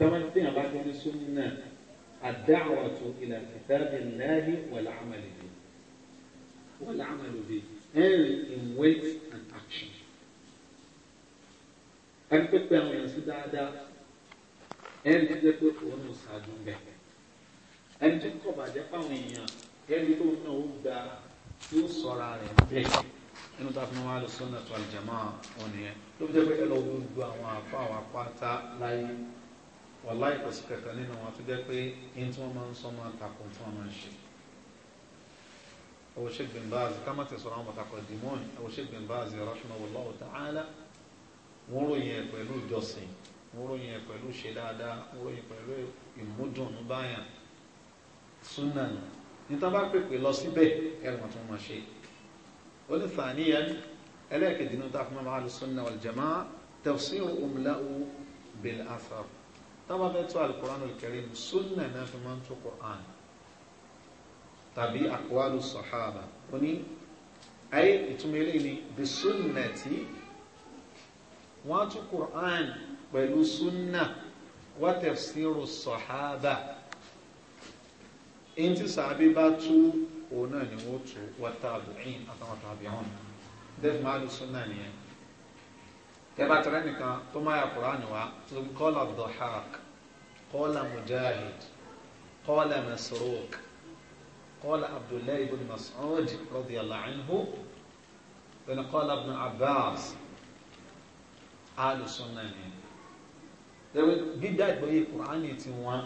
tẹ́wọ́n tí yàrá tó ní súnmọ́ ad-da'watu ila kitabillahi wal 'amali bihi wal 'amali bihi ẹ̀rì in wait and action. ẹni pẹ́pẹ́ àwọn èèyàn sí dáadáa ẹni tó jẹ́ pé òun ò ṣáájú ń bẹ̀. ẹni tó kọ̀ bàjẹ́ fáwọn èèyàn ẹni ó gba rẹ̀ bẹ́ẹ̀ nínú tá a fi máa lọ sunnah wal jamaa ló fi jẹ́ pé ẹ gbogbo àwọn àfa àwọn apáta láyé wàláì kò sí kankan nínú wọn tó jẹ́ pé yín tí wọ́n máa ń sọ máa ń tí wọ́n máa ń ṣe أول شيخ بن باز كما تسرعون متقدمون أول شيخ بن باز رحمه الله تعالى ورؤية pẹ̀lú جوسين ورؤية pẹ̀lú شدادة ورؤية pẹ̀lú ìmúdùn báyàn sunan nítàbá pèpè lọ síbẹ̀ ẹ̀rùn tó máa ṣe ó ní ثانيا ẹlẹ́ẹ̀kejì ní tàfimọ́ máa lè sunan wal jamaa tafsir umla'u bil athar tábà fẹ́ tó alukur'an olùkẹ́rin sunna náà fi máa ń tó kur'an tàbí àkọwálù sọ̀háàbà ó ní ayé ìtumọ̀ eléyìí ni bí sunna tí wọ́n á tú kur'an pẹ̀lú sunna wá tafsiru sọ̀háàbà èyí tí sàbí bá tú òun náà ni wọ́n tú wá tàbí ẹ̀yìn àtàwọn tàbí ọ̀hún dẹ́fù máa lù sunna nìyẹn tẹ́bà tẹ́rẹ́ nìkan tó máa yà kúránì wá tó ń kọ́lá dọ̀hák kọ́lá mujahid kọ́lá masruq kọ́lá abdullahi ibn mas'ud radiyallahu anhu bẹ́ẹ̀ni kọ́lá ibn abbas alùsùnà ni gbígbà ìgbóyè kúránì ti wọn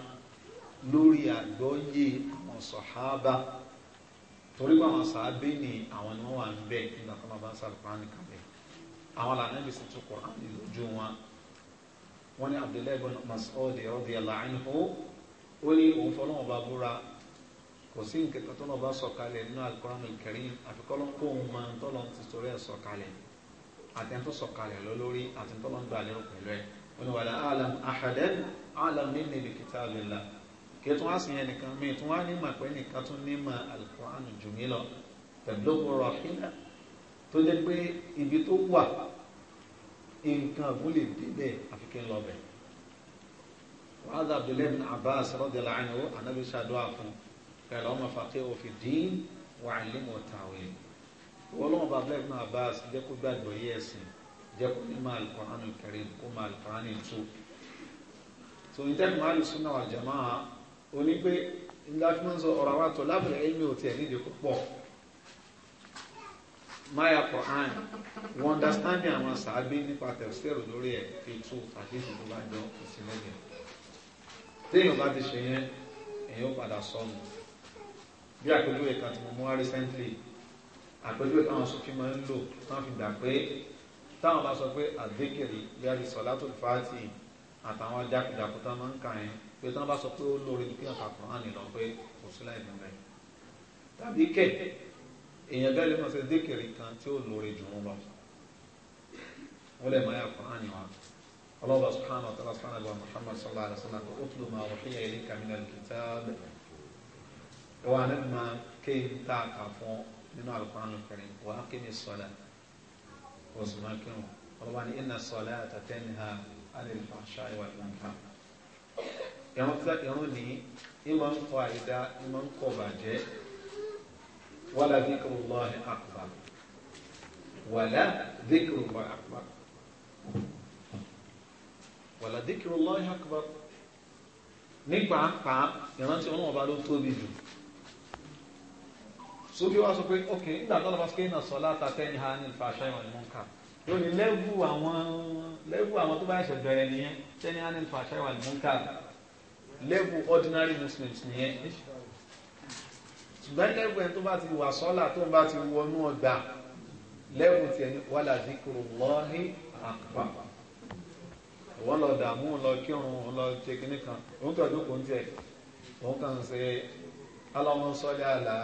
lórí àgbọ́yé àwọn sọ̀hábà torí pé àwọn sàábé ni àwọn ni wọ́n wà ń bẹ nígbà tó máa bá ń sàrùkúránì kan àwọn làná bí sọ tó Qur'an lójú wọn wọn ní Abdullahi bin Mas'ud radiyallahu anhu ó ní òun fọlọ́wọ́n bá búra kò sí nǹkan kan tó náà bá sọ̀kalẹ̀ nínú Al-Qur'an al-Karim àfikọ́lọ́ kó òun máa ń tọ́lọ́ ti torí ẹ̀ sọ̀kalẹ̀ àtẹ̀ntó sọ̀kalẹ̀ lọ lórí àtẹ̀ntó lọ́ ń gbà lérò pẹ̀lú ẹ̀ wọn wà lá alam ahadan alam nínú ibi kitabillah kẹtùn á sì yẹn nìkan mi tún wá ní màpẹ́ nìkan tún ní ma al jù mí lọ pẹ̀lú rọ̀ tó jẹ́ pé ibi tó wà nǹkan kò lè dé bẹ́ẹ̀ àfi kí n lọ bẹ̀. wàhálà abdullahi bin abbas radiyallahu anhu anabi ṣàdúrà fún kẹlẹ ọmọ fàkẹ́ òfin dín wà nílùú tàwé. wọ́n lọ́wọ́ bá abdullahi bin abbas jẹ́ kó gbàgbọ́ yẹ ẹ̀sìn jẹ́ kó ní máa al-Qur'anul karim kó máa al-Qur'an tó. tó ń tẹ́lẹ̀ máa lù sunnah wal jamaa onígbé ńlá fi máa sọ ọ̀rọ̀ àwọn àtọ̀ lábẹ̀rẹ̀ ẹ̀mí ò maya quran wọ́n understand àwọn sàábí nípa tẹ̀síẹ̀rù lórí ẹ̀ fi tú àdéhùn tó bá jọ òsì lẹ́yìn téèyàn bá ti ṣe yẹn èèyàn ó padà sọnù bí àpèjúwe kan tí mo mú wá recently àpèjúwe táwọn sọfí máa ń lò táwọn fi gbà pé táwọn bá sọ pé àdékèrè bí a ti sọ látò fáàtì àtàwọn jákèjàkú tá máa ń kà yẹn pé táwọn bá sọ pé ó lórí kí àkàkùn hàn nìlọ pé kò sí láì fún bẹ́ẹ̀ tàbí kẹ̀ èèyàn gẹ́lẹ́ mọ̀ sí dékèrè kan tí ó lóore jù wọn lọ wọ́n lè máa yà fún àní wa ọlọ́ba subhanahu wa ta'ala subhanahu wa muhammad sallallahu alaihi wa sallam ó tún lò máa wọ́n kíyà ilé kàmínà kìtà bẹ̀rẹ̀ ìwà ní ma kéyìn tá a kà fún nínú alukóran kẹrin wà á kéyìn sọlá osùnmọ́ kírun ọlọ́ba ní inna salata tanha anil fahsha'i wal munkar ìrún ní ìmọ̀ ń kọ àyídá ìmọ̀ ń kọ bàjẹ́ ولذكر الله أكبر ولا ذكر الله أكبر ولا ذكر الله أكبر nípa pa ìrántí ọlọ́run ọba ló tóbi jù sóbi wá sọ pé ok nígbà tó lọ́ba sọ́kẹ́ iná sọ láta tẹ́yìn ha ní ìfà àṣà ìwọ̀n ìmọ̀ọ́ká yóò ní lẹ́wù àwọn lẹ́wù àwọn tó bá ṣẹ̀ bẹ̀rẹ̀ nìyẹn tẹ́yìn ha ní ìfà àṣà ìwọ̀n ìmọ̀ọ́ká lẹ́wù ordinary muslims nìyẹn ṣùgbọ́n lẹ́gùn ẹni tó bá ti wà sọ́là tó bá ti wọnú ọgbà lẹ́gùn tiẹ̀ ní wàlà zikuru lọ́hí àpá wọ́n lọ dààmú lọ kírun lọ ṣe kínní kan òun tó dókòó ń tiẹ̀ òun kàn ń ṣe alọ́mọ sọ́lẹ̀ àlà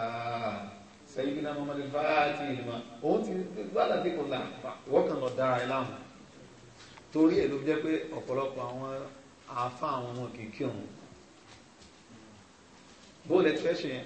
sẹ́yìn náà mọ́mọ́lẹ́ fáàtì ìlúmọ̀ òun ti wàlà zikuru làpá wọ́n kàn lọ dára ẹ láàmú torí ẹ̀ ló jẹ́ pé ọ̀pọ̀lọpọ̀ àwọn àáfà àwọn ọmọ kìkì òun bó lè ti fẹ́ ṣe yẹn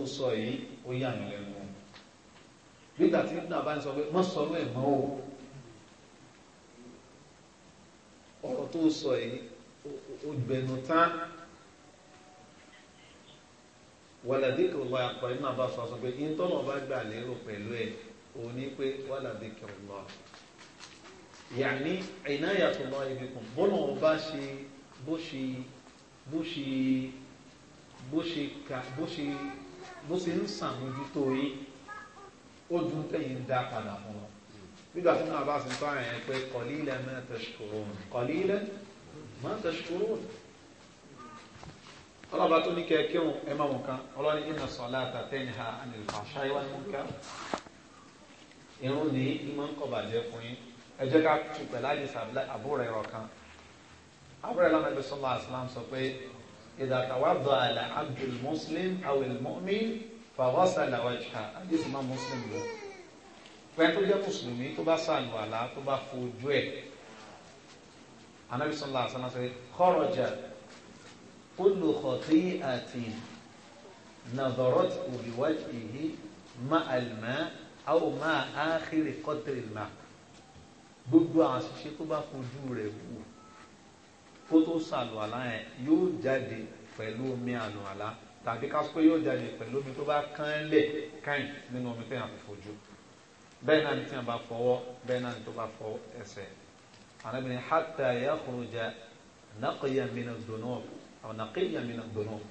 tó sọ yìí ó yà mí lẹ́nu o nígbà tí nígbà bá ń sọ pé mọ́ sọ̀rọ̀ ẹ̀ mọ́ o ọ̀rọ̀ tó sọ yìí ó gbẹnu tán wàlàdìkì ọlọ́ àpá iná bá sọ sọ pé ìtọ́nà bá gbà lérò pẹ̀lú ẹ̀ òun pé wàlàdìkì ọlọ́ yàní ìnáyàtọ̀ lọ ibi kan bọ́lá ọba ṣe bó ṣe bó ṣe bó ṣe ka bó ṣe bó ṣe ń sàmójútó yín ó dún tẹ̀yìn dá padà fún wọn nígbà tí wọn bá sì ń tọ́ àyàn yẹn pé qalilan ma tashkurun qalilan ma tashkurun ọlọ́ba tó ní kẹ́ kí wọn ẹ máa wọn kan ọlọ́ni inna salata tanha anil fahsha'i wal munkar irun ní ìmọ̀ ń kọ̀ bàjẹ́ fún yín ẹ jẹ́ ká tù pẹ̀lú àyè àbúrò ẹ̀rọ kan àbúrò ẹ̀ sọ إذا توضأ العبد المسلم أو المؤمن فغسل وجهه حديث ما مسلم له pẹ́ tó jẹ́ mùsùlùmí tó bá ṣàlùwàlá tó bá fojú ẹ̀ anabi sallallahu alaihi wasallam kharaja kullu khati'atin nadarat bi wajhihi ma'a al-ma' aw ma'a akhir qadri al-ma' gbogbo àwọn àṣìṣe tó bá fojú rẹ̀ wù kó tó ṣàlùwàlá yẹn yóò jáde pẹ̀lú omi àlùwàlá tàbí ká pé yóò jáde pẹ̀lú omi tó bá kán lẹ̀ káyìn nínú omi tẹ̀yàn fi fojú bẹ́ẹ̀ náà ni tí yàn bá fọwọ́ bẹ́ẹ̀ náà ni tó bá fọ ẹsẹ̀ anabini hatta yakhruja naqiya mina dunub aw naqiya mina dunub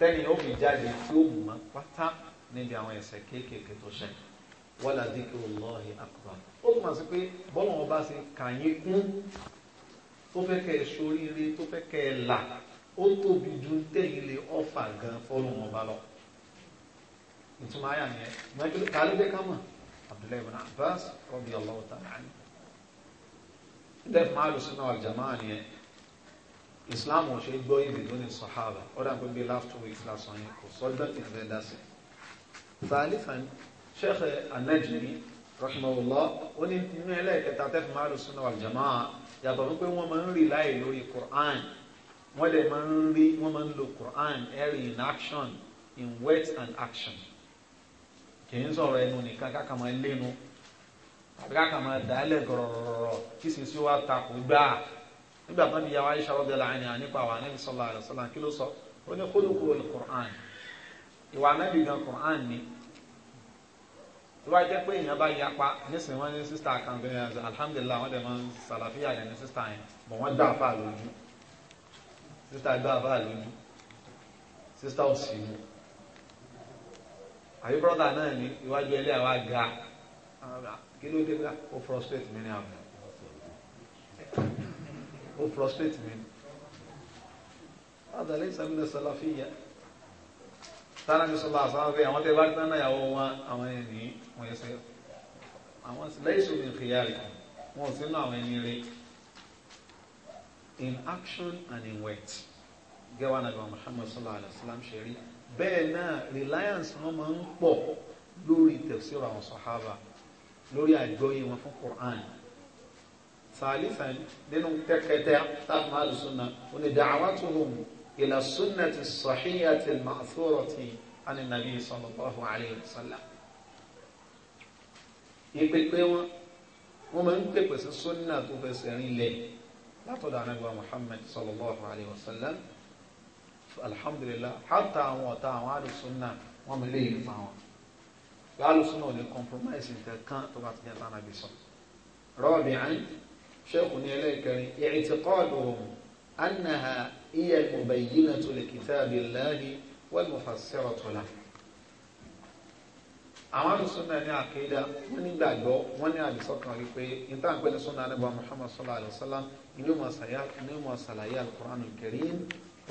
tẹ́ni ó fi jáde tí ó mọ̀ pátá níbi àwọn ẹ̀ṣẹ̀ kéékèèké tó ṣẹ̀ wala dhikrullahi akbar ó túmọ̀ sí pé bọ́lá wọn bá ṣe kàyín kún tó fẹ́ kẹ́ ẹ ṣoríire tó fẹ́ kẹ́ ẹ là ó tóbi ju tẹ̀yìn lè ọ̀fà gan fọ́ọ̀rùn wọn bá lọ. ìtumọ̀ ayà nìyẹn mọ́jú kálíbẹ̀ ká mọ̀ Abdullahi ibn Abbas radiyallahu ta'ala anhu. dẹ́f máa lù sínú al-jama'a nìyẹn Islam ò ṣe gbọ́ ibi tó ní sahaba ọ̀dà pé bíi last two weeks last one kò sọ́jọ́ ìfẹ́ dá sí. ثالثا شيخ النجمي رحمه الله وني من عليك تعترف مع السنه والجماعه yàtọ̀ wípé wọ́n máa ń rí láì lórí Quran wọ́n dẹ̀ máa ń rí wọ́n máa ń lo Quran ẹ̀rí in action in words and action kì í sọ̀rọ̀ ẹnu nìkan káka máa lénu àbí káka máa dà á lẹ̀ gọ̀rọ̀rọ̀ kí sì sí wa takò gbà nígbà tó ń di yàrá Aisha radiyallahu anha nípa àwọn Ànábì sallallahu alaihi wasallam kí ló sọ ó ní khuluqul Quran ìwà Ànábì gan Quran ni tó bá jẹ́ pé èèyàn bá yapa nísìnyí wọ́n ní sísítà kan bẹ́ẹ̀ alhamdulilah wọ́n dẹ̀ máa ń sàlàfíà yẹn ní sísítà yẹn bọ̀ wọ́n dá àfà lójú sísítà gbá àfà lójú sísítà òsì ni àbí brọ́dà náà ní iwájú ẹlẹ́ àwa ga kí ló dé gbà ó frustrate mi ní àmì ó frustrate mi ní. هذا ليس من السلفيه tánà bí sọlá àsáwọn pé àwọn tẹ bá tán náà yàwó wọn àwọn yẹn ní wọn yẹ sẹ àwọn lẹ́yìn in action and in words gẹ́wà nàbẹ̀ Muhammad sallallahu alayhi wa sallam ṣe rí náà reliance wọn máa ń pọ̀ lórí tafsir àwọn sàhábà lórí àjọyé wọn fún Qur'an sàlìsàn nínú tẹ́kẹtẹ́ tábìlì àlùsùn náà wọn ni da'awatuhum إلى السنة الصحية المأثورة عن النبي صلى الله عليه وسلم ìpèpè wọn wọn máa ń pèpè sí sunna tó fẹsẹ̀ rinlẹ̀ látọ̀dọ̀ anábìwá muhammed sallallahu alayhi wa sallam alhamdulilah hata àwọn ọ̀tá àwọn alùsùnà wọn máa lè yìí fáwọn bí alùsùnà ò ní compromise nǹkan tó bá ti jẹ́ tánà bí sọ. rọ́ọ̀bì àn ṣẹ́kù ní ẹlẹ́ẹ̀kẹrin ìrètí kọ́ọ̀dù ọ̀hún annaha هي المبينة لكتاب الله والمفسرة له àwọn alùsùnà ní àkéèdà wọn ní gbàgbọ́ wọn ní àdìsọkàn wípé níta àpẹ ní sùnà àníbà Muhammad sallallahu alayhi wa sallam inú ma sàyà inú ma sàlàyé alukur'an karim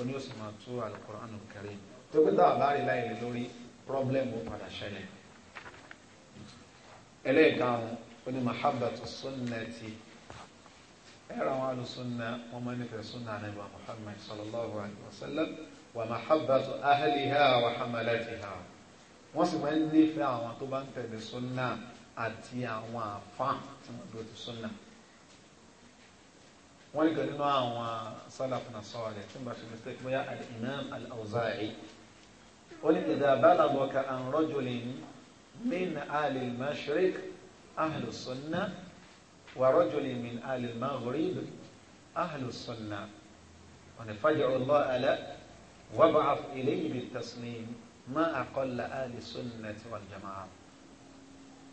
oní oṣù máa tú alukur'an karim tó gbé dáa bá rí láì lórí pírọ́blẹ́mù padà ṣẹlẹ̀ ẹlẹ́ẹ̀kan oní mahabbatu sunnati ẹ̀rọ àwọn alùsùnà wọn máa nífẹ̀ẹ́ súnà ànábì muhammad sallallahu alayhi wa sallam wa mahabbatu ahliha wa hamalatiha wọ́n sì máa ń nífẹ̀ẹ́ àwọn tó bá ń tẹ̀lé súnà àti àwọn àfa tí wọ́n dúró ti súnà wọ́n ní kan nínú àwọn sálàfùnà sọ̀rọ̀ tí wọ́n bá fi mistake bóyá al-imam al-awza'i ó ní idha balagha an rajulin min ahli al-mashriq ahli as-sunnah. ورجل من أهل المغرب أهل السنة ونفجر الله له وابعث إليه بالتسليم ما أقل أهل السنة والجماعة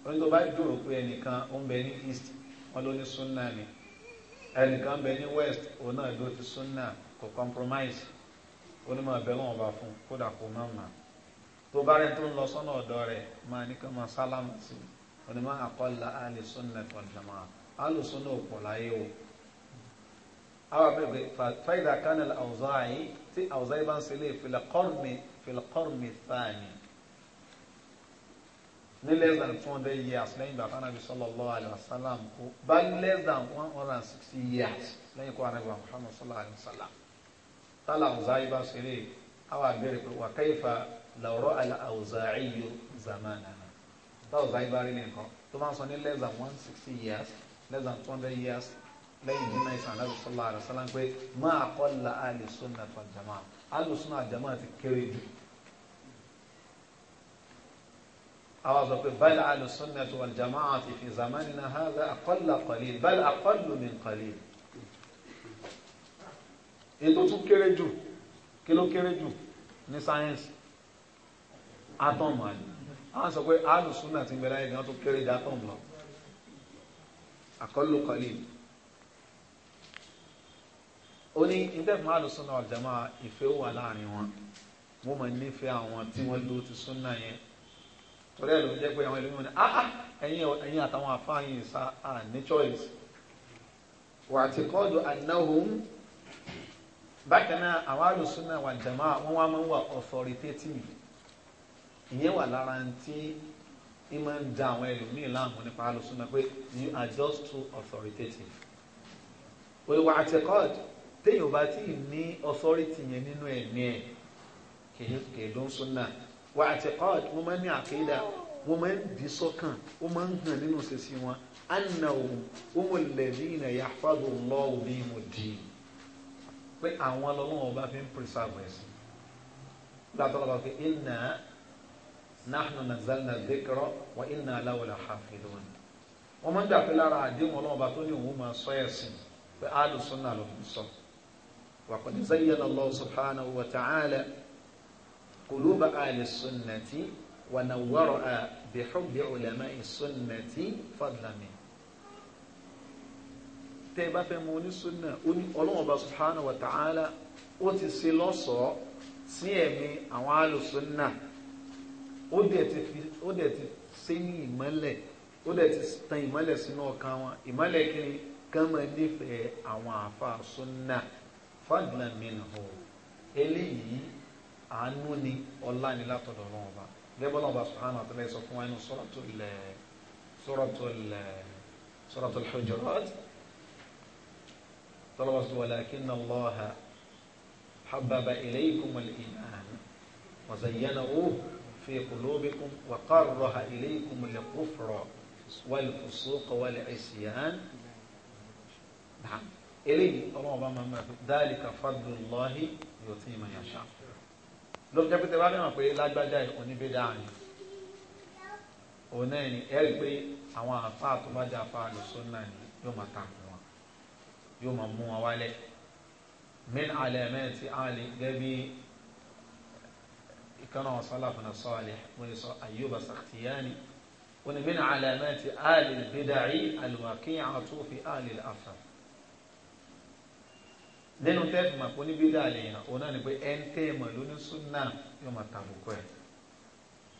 wọ́n tó bá dúró pé ẹnìkan ó ń bẹ ní east wọ́n ló ní sunna ni ẹnìkan ń bẹ ní west òun náà ló ti sunna kò compromise onímọ̀ ẹ̀bẹ̀ náà bá fún kódà kó má mà tó bá rẹ tó ń lọ sọ́nà ọ̀dọ́ rẹ̀ máa ní ká máa sálámù sí onímọ̀ àkọ́lá àlè sunna wal jama'a alùsùn náà pọ̀ láyé o àwọn abẹ́gbẹ́ fàyídà kánil àwùzáyé tí àwùzáyé bá ń ṣẹlẹ̀ fìlàkọ́rùmì fìlàkọ́rùmì thani ní less than two hundred years lẹ́yìn bàbá nàbí sallallahu alayhi wa sallam kú bá less than one hundred and sixty years lẹ́yìn kó anabi wa muhammad sallallahu alayhi wa sallam tálà àwùzáyé bá ṣẹlẹ̀ àwọn abẹ́rẹ́ pé wà kayfa law ra'a àwùzáyé zamanana táwùzáyé bá rí nìkan tó máa ń sọ less than one sixty years less than two hundred years lẹ́yìn nínú ìsàn alábi sallallahu alaihi wasallam pé máa kọ́ la ahlu sunnah wal jamaa ahlu sunnah wal jamaa ti kéré jù. àwọn sọ pé bal ahlu sunnah wal jamaa ti fi zamanina hadha aqalla qalil bal aqallu min qalil. ètò tún kéré jù kí ló kéré jù ní sáyẹ́nsì átọ́mù àná. àwọn sọ pé ahlu sunnah ti bẹ̀rẹ̀ ẹ̀gbọ́n tó kéré jù átọ́mù lọ aqallu qalil ó ní ìdẹ́kùn àlùsùnà ọ̀jàmá ìfẹ́ wà láàrin wọn wọ́n máa nífẹ̀ẹ́ àwọn tí wọ́n lò ti súnà yẹn torí ẹ̀ ló ń jẹ́ pé àwọn ẹlòmíràn ní ah ẹ̀yin àtàwọn afáàyàn ìsà à ní choice wà á ti kọ́ọ̀dù annahum bákan náà àwọn àlùsùnà wal jamaa wọ́n wá máa ń wà authoritative ìyẹn wà lára ti ní máa ń da àwọn ẹlòmíì láàmú nípa alùsùnà pé you are just too authoritative olùwà àtẹkọ́d téèyàn bá tí ì ní authority yẹn nínú ẹ̀mí ẹ̀ kèé ló ń súnà wà àtẹkọ́d wọ́n máa ń ní àkéèdà wọ́n máa ń dì sọ́kàn wọ́n máa ń hàn nínú sísìn wọn annahum humul ladhina yahfadhu Allahu bihimud din pé àwọn ọlọ́wọ́n ọba fi ń preserve ẹ̀sìn látọ́lọ́ba pé nahnu nazzalna dhikra wa inna lahu lahafidhun wọ́n máa ń gbà pé lára àdéhùn ọlọ́run ọba tó ní òun máa sọ ẹ̀sìn pé alu sunna ló fi sọ wa qad zayyana Allahu subhanahu wa ta'ala quluba ahli sunnati wa nawwaraha bi hubbi ulama'i sunnati fadlan tẹ́ bá fẹ́ mọ onísúnà ọlọ́run ọba subhanahu wa ta'ala ó ti ṣe lọ́sọ̀ọ́ sí ẹ̀mí àwọn alùsùnà ó dẹ̀ ti fi ó dẹ̀ ti ṣe ní ìmọ́lẹ̀ ó dẹ̀ ti tan ìmọ́lẹ̀ sínú ọkàn wọn ìmọ́lẹ̀ kiri kán máa nífẹ̀ẹ́ àwọn àáfàá súnà fadlan minhu eléyìí àánú ni ọlá ni látọ̀dọ̀ náà ọba gẹ́gẹ́ bọ́lá ọba subhanahu wa sọ fún wa nínú suratul suratul suratul hujurat tọ́lọ́wọ́ sọ walakinna Allaha habbaba ilaykumul iman wa zayyanahu. في قلوبكم وقرها إليكم الكفر والفسوق والعصيان نعم إليه الله ذلك فضل الله يؤتي من يشاء ló fi jẹ́ pé tẹ́lá lẹ́wọ̀n pé lágbájá oníbẹ̀dá ni òun náà ni ẹ̀rí pé àwọn àfa tó bá jẹ́ àfa lọ́sọ́n náà ni yóò máa takùn wọn yóò máa mú wọn wálẹ̀ min alẹ́ mẹ́rin ti àlè gẹ́gẹ́ bí كان وصلفنا الصالح أيوب السختياني ومن علامات آل البدع الواقعة في آل الأثر nínú tẹ́ẹ̀fù máa pọ́n ní bídà lèèyàn òun náà ni pé ẹ̀ ń tẹ́ ẹ̀ mọ̀ lóní súnà yóò máa tàbùkù ẹ̀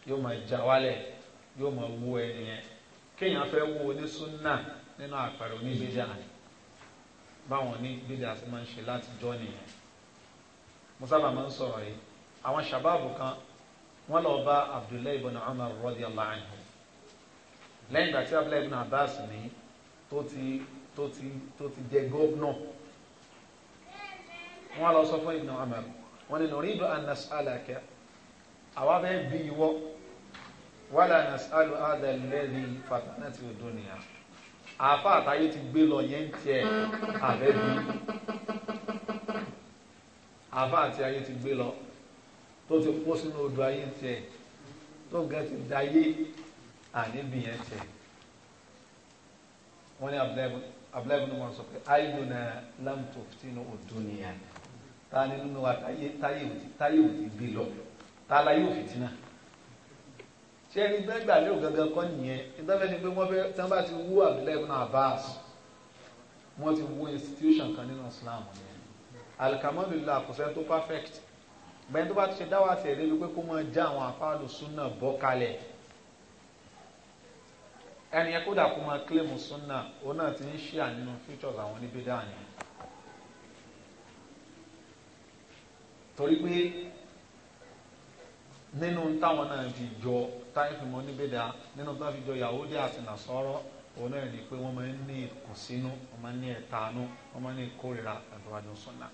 yóò máa já wálẹ̀ yóò máa wú ẹ nìyẹn kéèyàn fẹ́ wú oní súnà nínú àpẹẹrẹ oníbídà báwọn oníbídà sì máa ń ṣe láti jọ́ nìyẹn mo sábà máa ń sọ̀rọ̀ yìí àwọn sàbáàbù kan wọ́n lọ bá abdullahi ibn umar radiyallahu anhu lẹ́yìn ìgbà tí abdullahi ibn abbas ní tó ti tó ti tó ti jẹ gómìnà wọ́n lọ sọ fún ibn umar wọ́n ní nuridu an nas'alaka àwa bẹ́ẹ̀ bí ìwọ wala nas'alu hadha alladhi fatanati ad àfa àtàyè ti gbé lọ yẹn tiẹ̀ àbẹ́ bí àfa àti ayé ti gbé lọ tó ti kó sínú odò ayé tiẹ̀ tó gan ti da ayé àníbi yẹn tiẹ̀ wọ́n ní abúlé ní wọ́n sọ pé ayélujára lámtò sínú odò nìyẹn ta ni nínú wa táyé táyé òtí táyé òtí gbé lọ ta la yóò fìtínà ṣé ẹni bẹ́ẹ̀ gbà lérò gangan kọ́ nìyẹn ìtọ́fẹ́ ni pé wọ́n fẹ́ tí wọ́n bá ti wú abúlé ní abas wọ́n ti wú institution kan nínú Islam yẹn alikamadu la kò sẹ́ tó perfect. gbẹ́ni tó bá ṣe dáwà tẹ̀ débi pé kó máa já àwọn àfáàlù súnà bọ́ kalẹ̀ ẹni yẹn kódà kó máa kílèmù súnà òun náà ti ń ṣí ànínú features àwọn oníbí dáàni torí pé nínú táwọn náà fi jọ táyìn mọ́ oníbí dáa nínú táwọn fi jọ Yahudi àti Nasara òun náà rí pé wọ́n máa ń ní ìkùnsínú wọ́n máa ń ní ẹ̀tanú wọ́n máa ń ní ìkórìíra àti wájú súnà.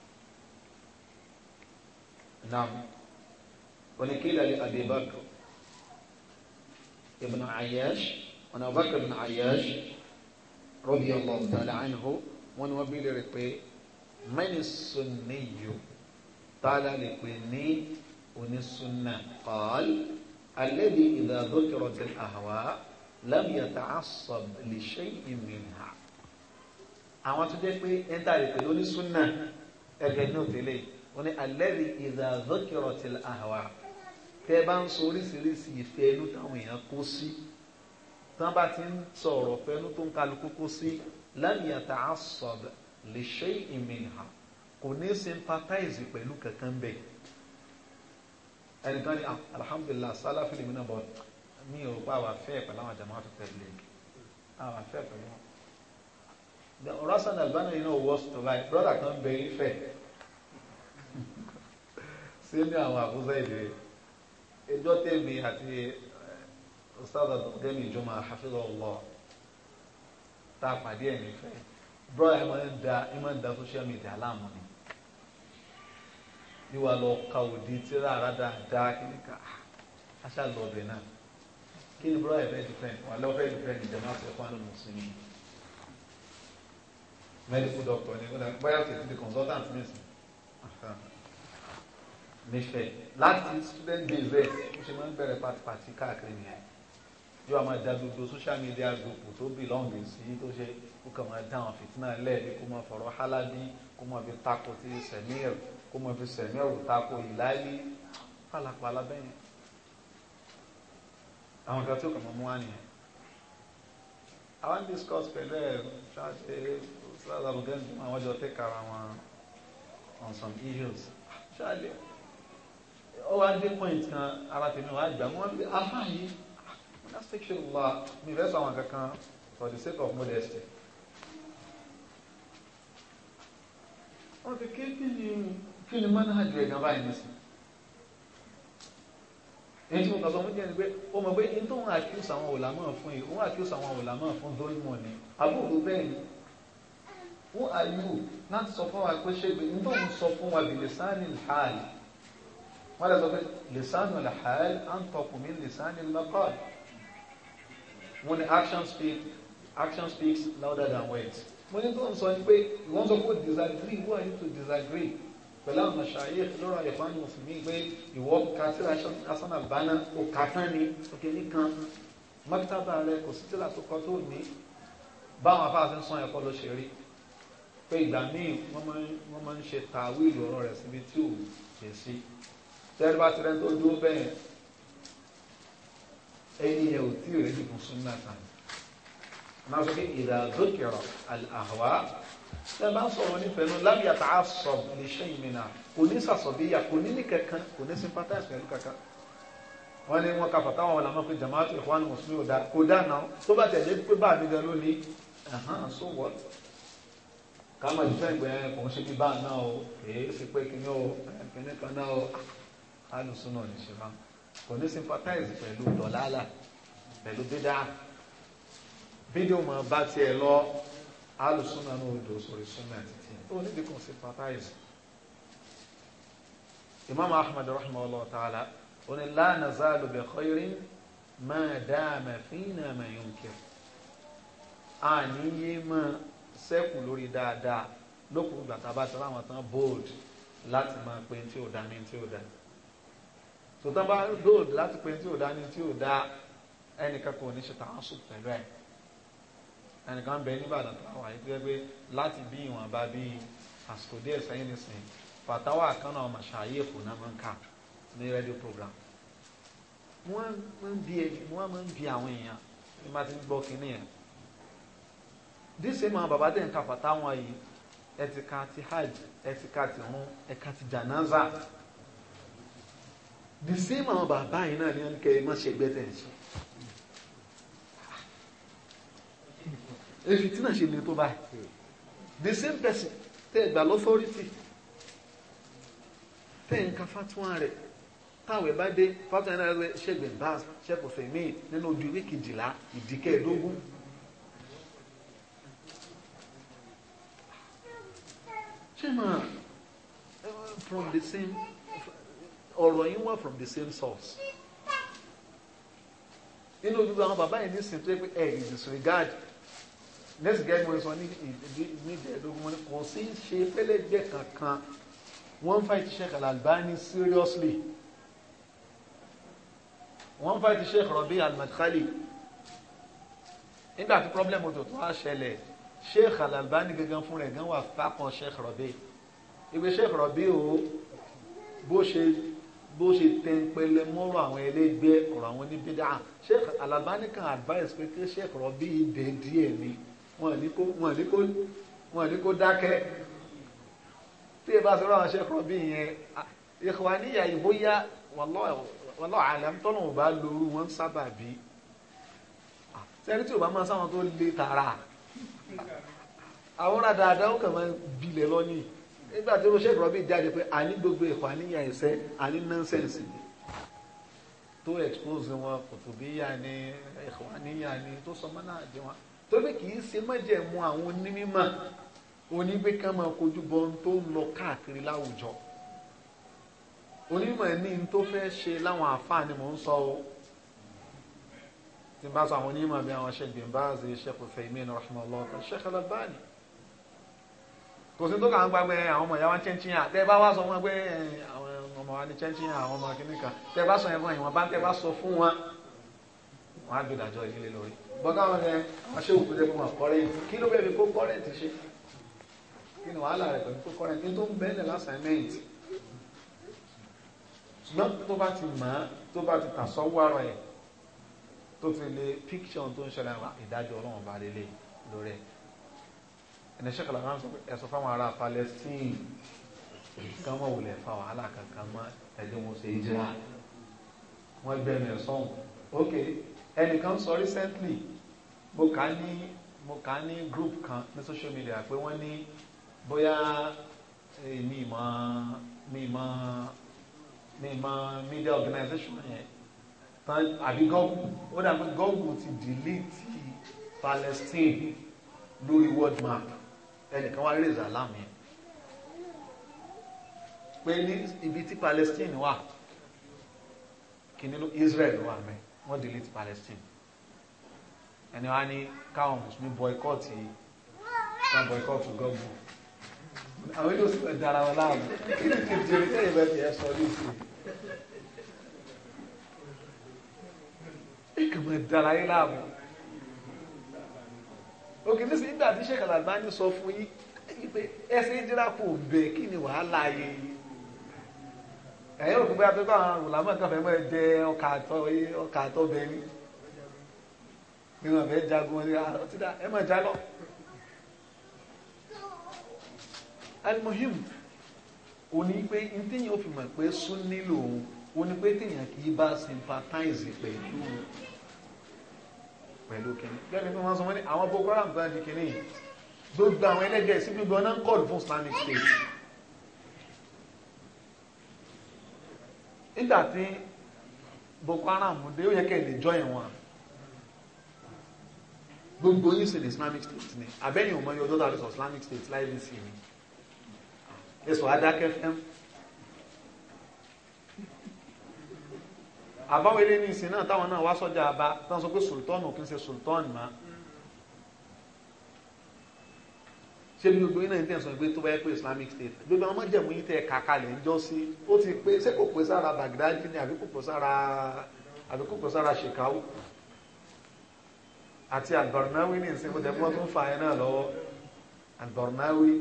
نعم ونكيل لأبي بكر ابن عياش أنا بكر بن عياش رضي الله تعالى عنه wọ́n wọ́n bílẹ̀ rẹ̀ pé mẹ́nìsúnníyù tààlà lè pè ní onísúnnà qal alladhi idha dhukirat al-ahwa lam yata'assab li shay'in minha. àwọn tó jẹ́ pé ẹ̀ńtà rẹ̀ pè ní onísúnnà ẹ̀gẹ̀ ní òtẹ́lẹ̀ yìí wọ́n ní alẹ́rì ìdàdókèrò ti àwa tẹ́ bá ń sọ oríṣiríṣi ìfẹ́ inú táwọn èèyàn kó sí tí wọ́n bá ti ń sọ̀rọ̀ fẹ́nu tó ń kálukú kó sí lẹ́yìn àtà àsọ̀b lè ṣe ìmìnira kò ní sympathize pẹ̀lú kankan bẹ́ẹ̀ ẹnìkan ní ah, alhamdulilah sálàfin lèmi náà bọ̀ mi ò pa àwọn afẹ́ pẹ̀lú àwọn jàmáà tó tẹ̀lé àwọn afẹ́ pẹ̀lú wọn. ọ̀rọ̀ sàn yìí náà wọ́ sọ̀tọ̀ báyìí brọ́dà kan bẹ̀rẹ̀ fẹ́ẹ́ sínú àwọn àbúzá èdè ẹjọ́ tèmi àti ọ̀sádà dẹ́mi ìjọba àfihàn ọlọ́ tá a pàdé ẹ̀ nífẹ̀ brọ́dà ẹ̀ máa ń da ẹ̀ máa ń da social media láàmú ni ìwà lọ ka òdi tíra àràdà dá kíní ká aṣá ah, lọ ọbẹ̀ náà kí ni brọ́dà fẹ́ dìfẹ́ǹd wà lọ́wọ́ fẹ́ dìfẹ́ǹd ìjọba àti ẹ̀kọ́ àná mùsùlùmí medical doctor ni bóyá kìí ti di consultant nísìnyí nífẹ̀ẹ́ láti student days rẹ̀ ó ṣe máa ń bẹ̀rẹ̀ pàtìpàtì káàkiri nìyẹn yóò wá máa da gbogbo social media group tó belong sí tó ṣe kó kàn máa dá àwọn fìtínà lẹ́ẹ̀bí kó máa fọ̀rọ̀ hálábí kó máa fi tako ti sẹ̀míẹ̀rù kó máa fi sẹ̀míẹ̀rù tako ìlàlí pàlàpàlà bẹ́yẹn àwọn kan tí ó kàn máa mú wá nìyẹn àwọn discuss pẹ̀lú ẹ̀ ṣáṣe ṣáṣe àbùkẹ́ àwọn jọ tẹ́ka ara wọn on some issues ṣáṣe ó wá dé point kan ara tèmi wàá gbà wọn bí afáàyè astaghfirullah mi fẹ́ sọ àwọn kankan for the sake of modesty. wọ́n fi ké kí ni kí ni manhaj rẹ̀ gan báyìí nísìn. èyí tí mo kàn sọ fún jẹ́ ni pé ó mọ̀ pé ní tóun àkíyèsí àwọn ulama fún yìí òun àkíyèsí àwọn ulama fún dóyìnmọ̀ ni àbúrò bẹ́ẹ̀ ni who are you láti sọ fún wa pé ṣé gbé ní tóun sọ fún wa bìlẹ̀ sáà ní ìhàlì wọ́n lè sọ pé lisanul hal antaku min lisanil maqal wọ́n action speaks action speaks louder than words mo ní tó ń sọ ni pé wọ́n sọ pé disagree who are you to disagree pẹ̀lú àwọn ṣàyè lọ́rọ̀ àyẹ̀fọ́nì mùsùlùmí pé ìwọ kàtí asán àbáná kò kàtán ni òkè nìkan mọ́kítàbà rẹ kò sí tílà tó kọ́ tó ní báwọn afáàfin ń sọ ẹ̀kọ́ ló ṣe rí pé ìgbà míì wọ́n máa ń ṣe tàwíìlì ọ̀rọ̀ rẹ̀ síbi tí ò lè sí tẹ́lẹ̀ bá ti rẹ́ tó dúró bẹ́ẹ̀ ẹni yẹn ò tí ì rẹ́ dìbò súnmọ́ kan náà sọ pé ìdàdókèrò àhùwá tẹ́lẹ̀ bá ń sọ̀rọ̀ nífẹ̀ẹ́ nu lábìyà tá a sọ lè ṣe ìmìnà kò ní sàsọ̀bíyà kò ní ní kankan kò ní sympathize pẹ̀lú kankan wọ́n ní wọ́n ka fàtà wọn làmọ́ pé jamaatu ìfọwọ́n mùsùlùmí ò dáa kò dáa náà tó bá tẹ̀lé pé bá mi gan lónìí ẹ̀hán so what ká má ju fẹ́ gbẹ̀ẹ́ kò ń ṣe bí báà náà o kì í ṣe pé kìnìún o kìnìún kan náà o alùsùnà ní ṣe máa kò ní sympathize pẹ̀lú dọ̀lálà pẹ̀lú bídà bídà ò máa bá tiẹ̀ lọ alùsùnà ní odò sórí súnà títí ó ní bí kò sympathize. imam ahmed rahimahullah ta'ala ó ní la nazalu bi khairin ma dama fina ma yunkir àníyé máa sẹ́kù lórí dáadáa lókùn gbàtà bá ti ráwọn tán bold láti máa pe tí ò dá ní tí ò dá ní sọtàn bá lóòd láti pé tí ò dá ní tí ò dá ẹnìkan kò ní ṣe tààsù pẹ̀lú ẹ̀ ẹnìkan bẹ nígbàdàn tó àwọn àyíkú pé láti bí ìwọ̀n bá bí àsìkò díẹ̀ sẹ́yìn nísìnyí fàtàwà kan náà màṣà ayé kò náà máa ń kà ní rédíò program wọ́n máa ń bi àwọn èèyàn ní bá ti ń gbọ́ kínní yẹn díṣe máa bàbá dẹ̀ ń ka fàtàwọn yìí ẹ̀ ti ka ti hajj ẹ̀ ti ka ti rún ẹ̀ ka ti jànáza the same àwọn bàbá yìí náà ni wọ́n kẹ́ ẹ má ṣe gbẹ́tẹ̀ ẹ̀ sọ. èsì tí náà ṣe lè tó báyìí the same person tẹ́ ẹ gbà lọ́fọ́rítì tẹ́ ẹ ń ka fatuwa rẹ̀ táwọn ẹ̀bá dé fatuwa náà rẹ̀ ṣẹ̀gbẹ̀ báàs ṣẹ̀kọ̀fẹ̀ míì nínú ojú ìwé kejìlá ìdíkẹ́ẹ̀dógún. ṣé màá from the same ọ̀rọ̀ yín wá from the same source nínú gbogbo àwọn bàbá yìí nísìnyí tó yẹ pé ẹ ẹ disregard next guy mo sọ ní ìdẹ́ẹ̀dógún wọn kò sí ṣe fẹ́lẹ́gbẹ́ kankan wọ́n fight Sheikh Al-Albani seriously wọ́n fight Sheikh Rabi Al-Madkhali nígbà tí problem ọ̀tọ̀ tó wá ṣẹlẹ̀ Sheikh Al-Albani gangan fún rẹ̀ gan wà fákan Sheikh Rabi ìgbé Sheikh Rabi o bó ṣe bó ṣe tẹ́ńpẹ́lẹ́ mọ́rọ̀ àwọn ẹlẹ́gbẹ́ ọ̀rọ̀ àwọn oníbídà sheikh Albani kan advice pé kí sheikh Rabi ibẹ̀ díẹ̀ ni wọ́n ní kó wọ́n ní kó wọ́n ní kó dákẹ́ tí ẹ bá sọ̀rọ̀ àwọn sheikh Rabi yẹn ikhwaniyya ìbóyá wallahu alam tọ́nà ò bá lóru wọn sábà bí sẹ́ni tí ò bá máa sáwọn tó lé tààrà àwọn rádàdà ó kàn máa bilẹ̀ lọ́nìí nígbà tí rosette robin jáde pé àní gbogbo ẹ̀kọ́ àníyàn ẹ̀sẹ̀ àní nọ́nsẹ̀nsì tó expose wọn kùtùbíyà ni ẹ̀kọ́ àníyàn ni tó sọ mọ́ náà jẹ wọn tó bí kì í ṣe mọ́jẹ̀mú àwọn onímọ̀ onígbé ká máa kojú bọ́ ohun tó ń lọ káàkiri láwùjọ onímọ̀ ní ní tó fẹ́ ṣe láwọn àfáà ni mò ń sọ o tí n bá sọ àwọn onímọ̀ bí àwọn ṣe bá ṣe ṣe fẹ́ ìmí ẹni rahmanulah kan kò sí tó kà ń gba pé àwọn ọmọ ìyá wa ń chẹ́ńchín à tẹ́ bá wá sọ wọn pé eh, àwọn ọmọ wa ní chẹ́ńchín à àwọn ọmọ akínní kan tẹ́ bá sọ yẹn fún ìwọ̀n bá tẹ́ bá sọ fún wọn wọn á gbèdàjọ ìdílé lórí. bọ́dá wọn ni àwọn ṣé òkú dẹ́kun àkọ́rẹ́ kí ló bẹ̀rẹ̀ kó kọ́rẹ́ǹtì ṣe kí ni wàhálà rẹ̀ pẹ̀lú kó kọ́rẹ́ǹtì tó ń bẹ́ẹ̀lẹ̀ lásàmẹ́ǹtì ṣùgbọ́n tó bá ti mọ̀ ọ́ tó bá ti tà sọ́wọ́ ẹni ṣe kàlà kan sọ pé ẹsọ fáwọn ará Palestine kí wọn wulẹ̀ fa wàhálà kankan mọ́ ẹjọ́ wọn ṣe jẹ́ wọn gbẹnu ẹ̀ sọ́hùn ok ẹnìkan sọ recently mo kà ní mo kà ní group kan ní social media pé wọ́n ní bóyá mi mọ mi mọ mi mọ media organization yẹn tán àbí gọ́ọ̀gù ó dàbí gọ́ọ̀gù ti delete Palestine lórí world map ẹnìkan wá rèézà láàmì pé ní ibi tí Palestine wà kí nínú Israel wà mẹ́ wọ́n delete Palestine ẹni wá ní káwọn mùsùlùmí boycott ká boycott gọ́ọ̀bù àwọn yóò sì fẹ́ dára wọn láàmú kí ni ti di oríṣẹ́ ìbẹ́ ti ẹ sọ ní ìsìn ìkànnì dára yín láàmú òkè ní sèyí gbàdí Sheikh Al-Albani sọ fún yín pé ẹsẹ̀ ìdíra kò bẹ̀ kí ni wàhálà yẹ ẹ̀yìn òkú bóyá pé báwọn ọ̀làmọ̀ kan fẹ́ mọ́ ẹ jẹ ọkà àtọ́ bẹ́ẹ̀ ni ni wọn fẹ́ jagun wọn ni àrò ah, ti dá ẹ mọ̀ já lọ. almuhim kò ní pé ntẹ́yìn ó fi mọ̀ pé sún nílò òun ó ní pé téèyàn kì í bá sympathize pẹ̀lú pẹ̀lú kìnnì lẹ́nu pé wọ́n sọ wọ́n ní àwọn boko haram tó ń di kìnnì yìí gbogbo àwọn ẹlẹ́dẹ̀ sí gbogbo ọ̀nà ń kọ́ọ̀lù fún islamic state nígbà tí boko haram dé ó yẹ kẹ́ lè join wọn gbogbo yìí sì ní islamic state ni abẹ́yìn ò mọ iye ọjọ́ tó àlùsọ islamic state láì lè sí ni ẹ̀sọ́ adákẹ́fẹ́ àbáwọ̀ ilé ní ìsìn náà táwọn náà wá sọ́jà àbá táwọn sọ pé sultan ò kí ń ṣe sultan mọ́ ṣé bí gbogbo iná yìí tẹ̀ sọ pé tó bá yẹ pé Islamic State gbogbo àwọn ọmọdéjẹ̀mú yìí tẹ̀ kàkalẹ̀ ń jọ sí ó ti pé ṣé kò pé sára Baghdad ni àbí kò pé sára àbí kò pé sára Shekau àti Al-Barnawi ní ìsìn kó tẹ̀ fún wọn tó ń fa ẹ náà lọ́wọ́ Al-Barnawi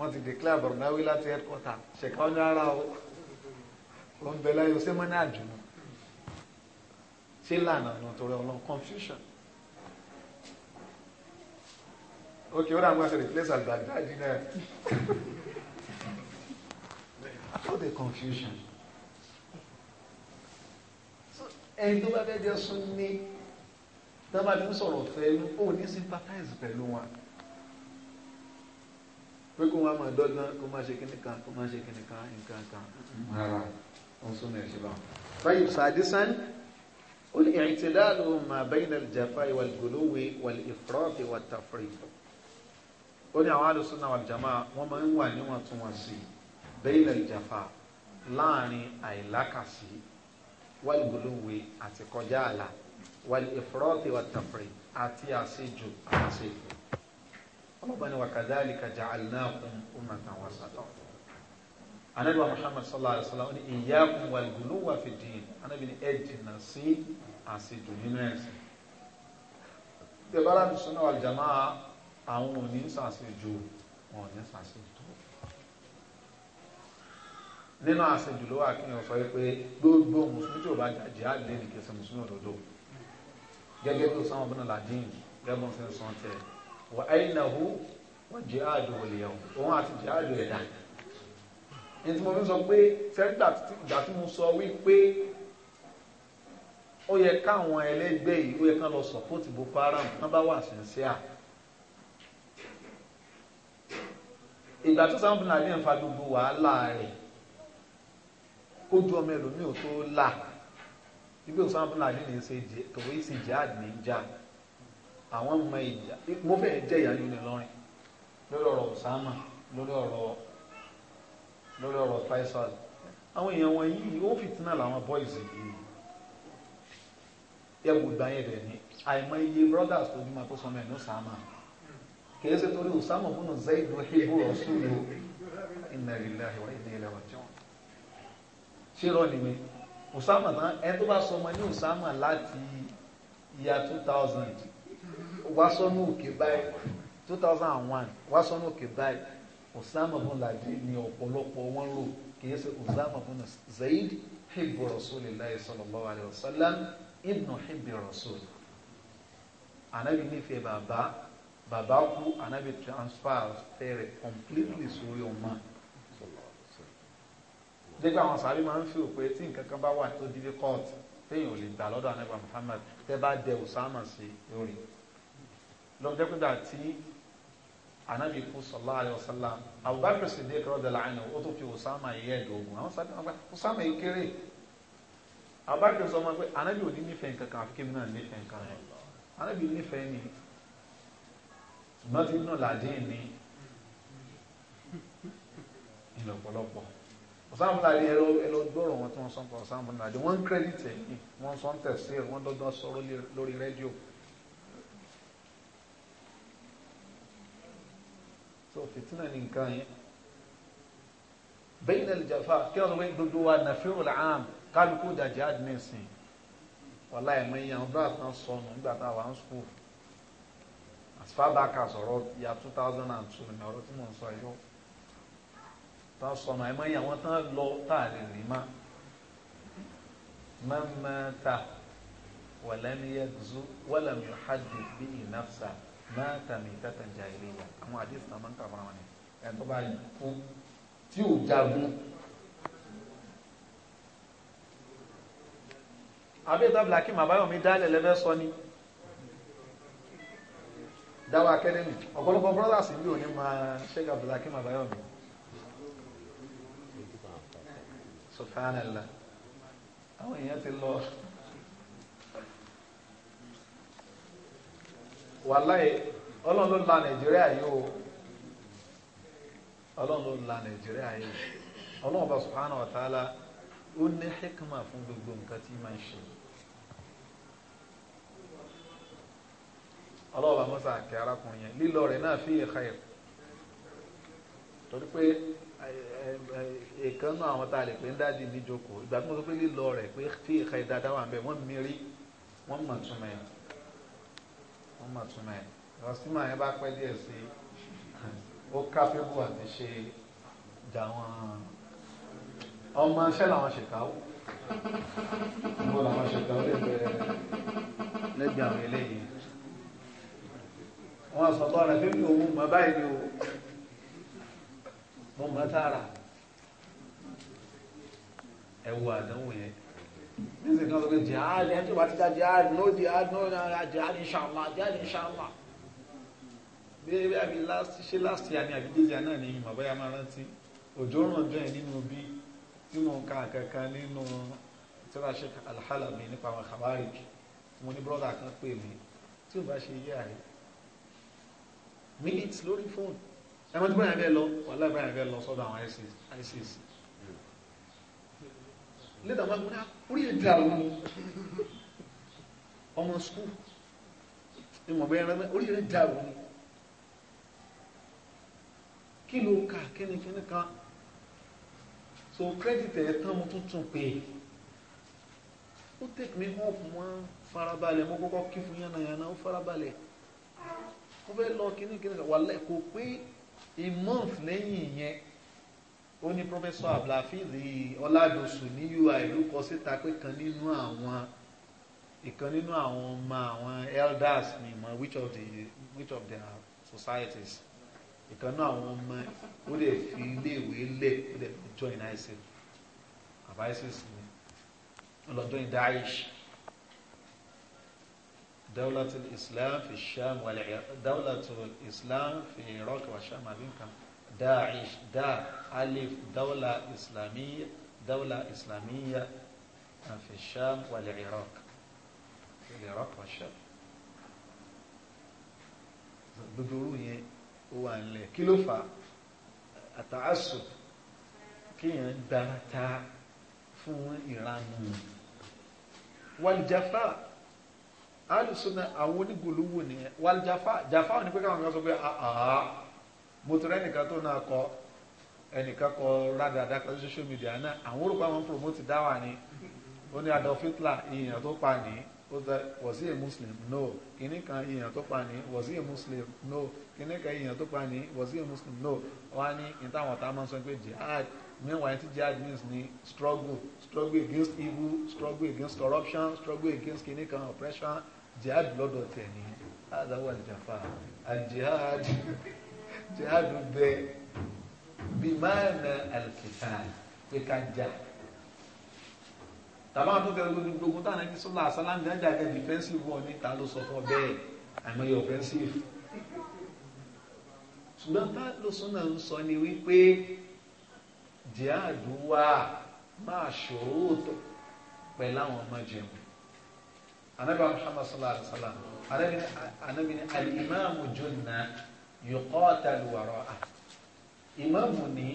wọ́n ti declare al láti headquarter Shekau ní ara o ọlọ́run bẹ láyé ọsẹ mọ́nà àjùnú ṣé lànà ọ̀nà tó rẹ ọlọ́run confusion ok what am I going to replace as Baghdadi now all the confusion so ẹni tó bá fẹ́ jẹ́ sún ní dábàá ní sọ̀rọ̀ fẹ́ẹ́lú ó ní sympathize pẹ̀lú wọn pé kó wọn máa dọ́gbọ́n kó máa ṣe kíní kan kó máa ṣe kíní kan nǹkan kan طيب سادسا الاعتدال ما بين الجفاء والغلو والإفراط والتفريط ó ní àwọn alùsùnà wàlìjàmá wọn máa ń wà níwọ̀ntúnwọ̀nsì bẹ́ẹ̀lẹ̀ ìjàfà láàrin àìlákàsí wàlìgbòlówé àti kọjá àlà wàlìfọ́rọ́tì wàtàfẹ̀rẹ̀ àti àṣejù àṣejù ọlọ́bàá ni wàkàdá àlìkàjà àlìnáàkùn ummatan wasata anabi wa muhammad sallallahu alaihi wa sallam ni iyyakum wal guluwa fi din anabi ni ẹ jìnnà sí àṣejù nínú ẹ̀sìn bẹbára sunna wal jamaa àwọn ò ní ṣàṣejù wọn ò ní ṣàṣejù tó nínú àṣejù ló wà kí ni ọsọ yìí pé gbogbo mùsùlùmí tí ò bá jàjẹ á lé nìkan sí mùsùlùmí òdodo gẹ́gẹ́ bí Usama bin Ladin gẹ́gẹ́ bí wọn fi ń tẹ wà áyìnàhù wọn jihadu wal yawm òun àti jihadu ẹ̀dá ní tí mo fi sọ pé sẹ́ńtà ìgbà tí mo sọ wípé ó yẹ káwọn ẹlẹ́gbẹ́ yìí ó yẹ ká lọ support Boko Haram wọ́n bá wà sincere. ìgbà tó sáwọn bùnà lè fa gbogbo wàhálà rẹ̀ kójú ọmọ ẹlòmíì ò tó là ibi òsán bùnà lè ní ṣe kòwé sí jihad ní jà àwọn ọmọ ìjà mo fẹ́ jẹ́ ìyá yìí ní lọ́rin lórí ọ̀rọ̀ Osama lórí ọ̀rọ̀ lórí ọ̀rọ̀ Faisal àwọn èèyàn wọn yìí ó fìtínà làwọn boys yìí ẹ wò gbà yẹn dẹ̀ ni àìmọ iye brothers tó bímọ tó sọmọ ẹ̀ ní Usama kìí ṣe torí Usama fúnnu Zaid hibu rasulu inna lillahi wa inna ilaihi raji'un ṣé rọ ni mi Usama tán ẹ tó bá sọmọ ní Usama láti ìyá two thousand wá sọnù òkè báyìí two thousand and one wá sọnù òkè báyìí. Osama bin Laden ni ọ̀pọ̀lọpọ̀ wọn lò kìí ṣe Osama bin Zaid hibbu rasulillahi sallallahu alayhi wa sallam ibnu hibbi rasul anabi nífẹ̀ẹ́ bàbá bàbá kú anabi transfer fẹ́rẹ̀ completely sórí ọmọ nígbà àwọn sàbí máa ń fi òpè tí nǹkan kan bá wà tó dídí court téèyàn ò lè gbà lọ́dọ̀ anabi Muhammad tẹ́ bá dẹ Osama sí lórí lọ́jọ́ pé dà anabi kú sallallahu alayhi wa sallam abubakar siddiq radiyallahu anhu ó tún fi usama yẹ ẹdọọgùn àwọn sábẹ wọn gba usama yìí kéré abubakar sọ ma pé anabi ò ní nífẹ̀ẹ́ nǹkan kan àfi kébí náà nífẹ̀ẹ́ nǹkan rẹ anabi nífẹ̀ẹ́ ni nọtìnú làdín ni ìlọpọlọpọ usama bin ladin ẹlọ ẹlọ gbọrọ wọn tí wọn sọ pé usama bin ladin wọn ń kírẹ́dìtì wọn sọ ń tẹ̀sí wọn dọ́dọ́ sọ̀rọ̀ lórí rédíò. so fìtínà ní nǹkan yẹn bẹ́yìn alìjàfà kí wọ́n lọ́wọ́ gbogbo wa nàfẹ́ ọ̀làám kálukú dàjà àdínẹ́sìn wàlá ẹ̀mọ yẹn àwọn bá kan sọnù nígbà tá a wà ń sùkúl as far back as ọ̀rọ̀ ya two thousand and two ní ọ̀rọ̀ tí mò ń sọ yìí tá a sọnù ẹ̀mọ yẹn àwọn tán lọ tá a lè rí má mẹ́mẹ́ta wàlẹ́mìyẹ́ zu wàlẹ́mìyẹ́ hajj bíi nafsa máa tàmì tàtà jà ilé ìyá àwọn àdéhùn náà máa ń kàwọn àwọn ẹ̀ tó bá kú tí ò jagun. abẹ́ẹ̀tọ́ blakim àbáyọ̀mí dálẹ̀ lẹ́fẹ́ sọ ni dáwà akẹ́dẹ́mì ọ̀pọ̀lọpọ̀ brothers ní òní máa ṣẹ́gà blakim àbáyọ̀mí subhanallah àwọn èèyàn ti lọ wàláyé ọlọ́run ló la nàìjíríà yìí o ọlọ́run ló la nàìjíríà yìí ọlọ́run bá subhanahu wa ta'ala ó ní hikma fún gbogbo nǹkan tí máa ń ṣe ọlọ́run bá mọ́sá àkẹ́ arákùnrin yẹn lílọ rẹ̀ náà fi khair torí pé èkánú àwọn tá a lè pè ń dájú níjókòó ìgbà tí mo sọ pé lílọ rẹ̀ pé fi khair dáadáa wà ń bẹ̀ wọ́n mírí wọ́n mọ̀ túnmọ̀ yẹn wọ́n mọ̀ túmọ̀ ẹ̀ lọ́símọ̀ yẹn bá pẹ́ díẹ̀ sí ó kápẹ́bù àti ṣe jà wọ́n ọmọ iṣẹ́ làwọn ṣèkáwó ọmọ làwọn ṣèkáwó lè bẹ̀rẹ̀ lẹ́gbẹ̀ẹ́ àwọn eléyìí wọ́n sọ tọ́ rẹ̀ fífi òun mọ̀ báyìí ni o mo mọ̀ tára ẹ wo àdánwò yẹn níṣẹ́ kan sọ pé jihad ẹni tí wàá ti ka jihad no jihad no jihad inshallah jihad inshallah bí àbí ṣe last year ni àbí this year náà ni màbáyá máa rántí òjò ràn jọ ẹ̀ nínú bí tí mo ka kankan nínú tíra sheikh alhalami nípa àwọn khawarij tí mo ní brother kan pè mí tí ò bá ṣe yé àrẹ minutes lórí fóònù ẹmọ tí báyìí fẹ́ lọ wàhálà báyìí fẹ́ lọ sọ́dọ̀ àwọn isis isis later wọn orí èdè àwọn ọmọ skul ni mo bẹ́ẹ̀ rẹ́ orí èdè àwọn kí ló ka kẹ́nikẹ́ni kan so credit ẹ̀ tán mo tún tún pè é ó take me home mo farabalẹ̀ mo kọ́kọ́ kí fún yánnayànna ó farabalẹ̀ mo fẹ́ lọ kíníkíní wà lẹ́kọ̀ọ́ pé a month lẹ́yìn yẹn ó ní pọfẹsọ abdulhafiz ọládọsù ní ui ló kọ síta pé kan nínú àwọn ìkan nínú àwọn ọmọ àwọn elders ni mọ which of the which of their societies ìkan náà àwọn ọmọ ó lè fi iléèwé lẹ ó lè fi join isil e àbáyísìs e ni ọlọ́jọ́ ní Daesh dawlatul Islam fi Sham wal Iraq dawlatul Islam fi Iraq wa Sham àbí nǹkan. داعش دا ألف دولة إسلامية دولة إسلامية في الشام والعراق في العراق والشام dodoro yẹn ó wà nílẹ̀ kí ló fà àtàásù kéèyàn gbarata fún ìranù wàlìjàfà alùsùnà àwọn onígbòlówó nìyẹn wàlìjàfà jàfà ò ní pé káwọn kan sọ pé àhàhà mo tọrọ ẹnìkan tó náà kọ ẹnìkan kọ rádàdà kan social media náà àwọn orúkọ àwọn promote dáwà ni ó ní Adolf Hitler ìyàn tó pa ní was he a Muslim no kìnní kan ìyàn tó pa ní was he a Muslim no kìnní kan ìyàn tó pa ní was he a Muslim no wọ́n á ní ìtàwọn tá a máa ń sọ pé jihad meanwhile ti jihad means ni struggle struggle against evil struggle against corruption struggle against kìnní kan oppression jihad lọ́dọ̀ tẹ̀ ní adáwọ̀ àlìjàfà jihad. jihadu bẹ bimaana alikitan pé ká jà tàbá tó tẹ ọdún gbogbo tá àná bisimilá asálá ń jájà kẹ defensive wọn ní ta ló sọ fún ọ bẹ́ẹ̀ àmọye offensive ṣùgbọ́n tá ló sún náà ń sọ ni wípé jihadu wà máa ṣòro pẹ̀lú àwọn ọmọ jẹun anabi muhammad sallallahu alaihi wa sallam anabi ni alimami jonna. yuqatalu wara'a ìmáàmù ni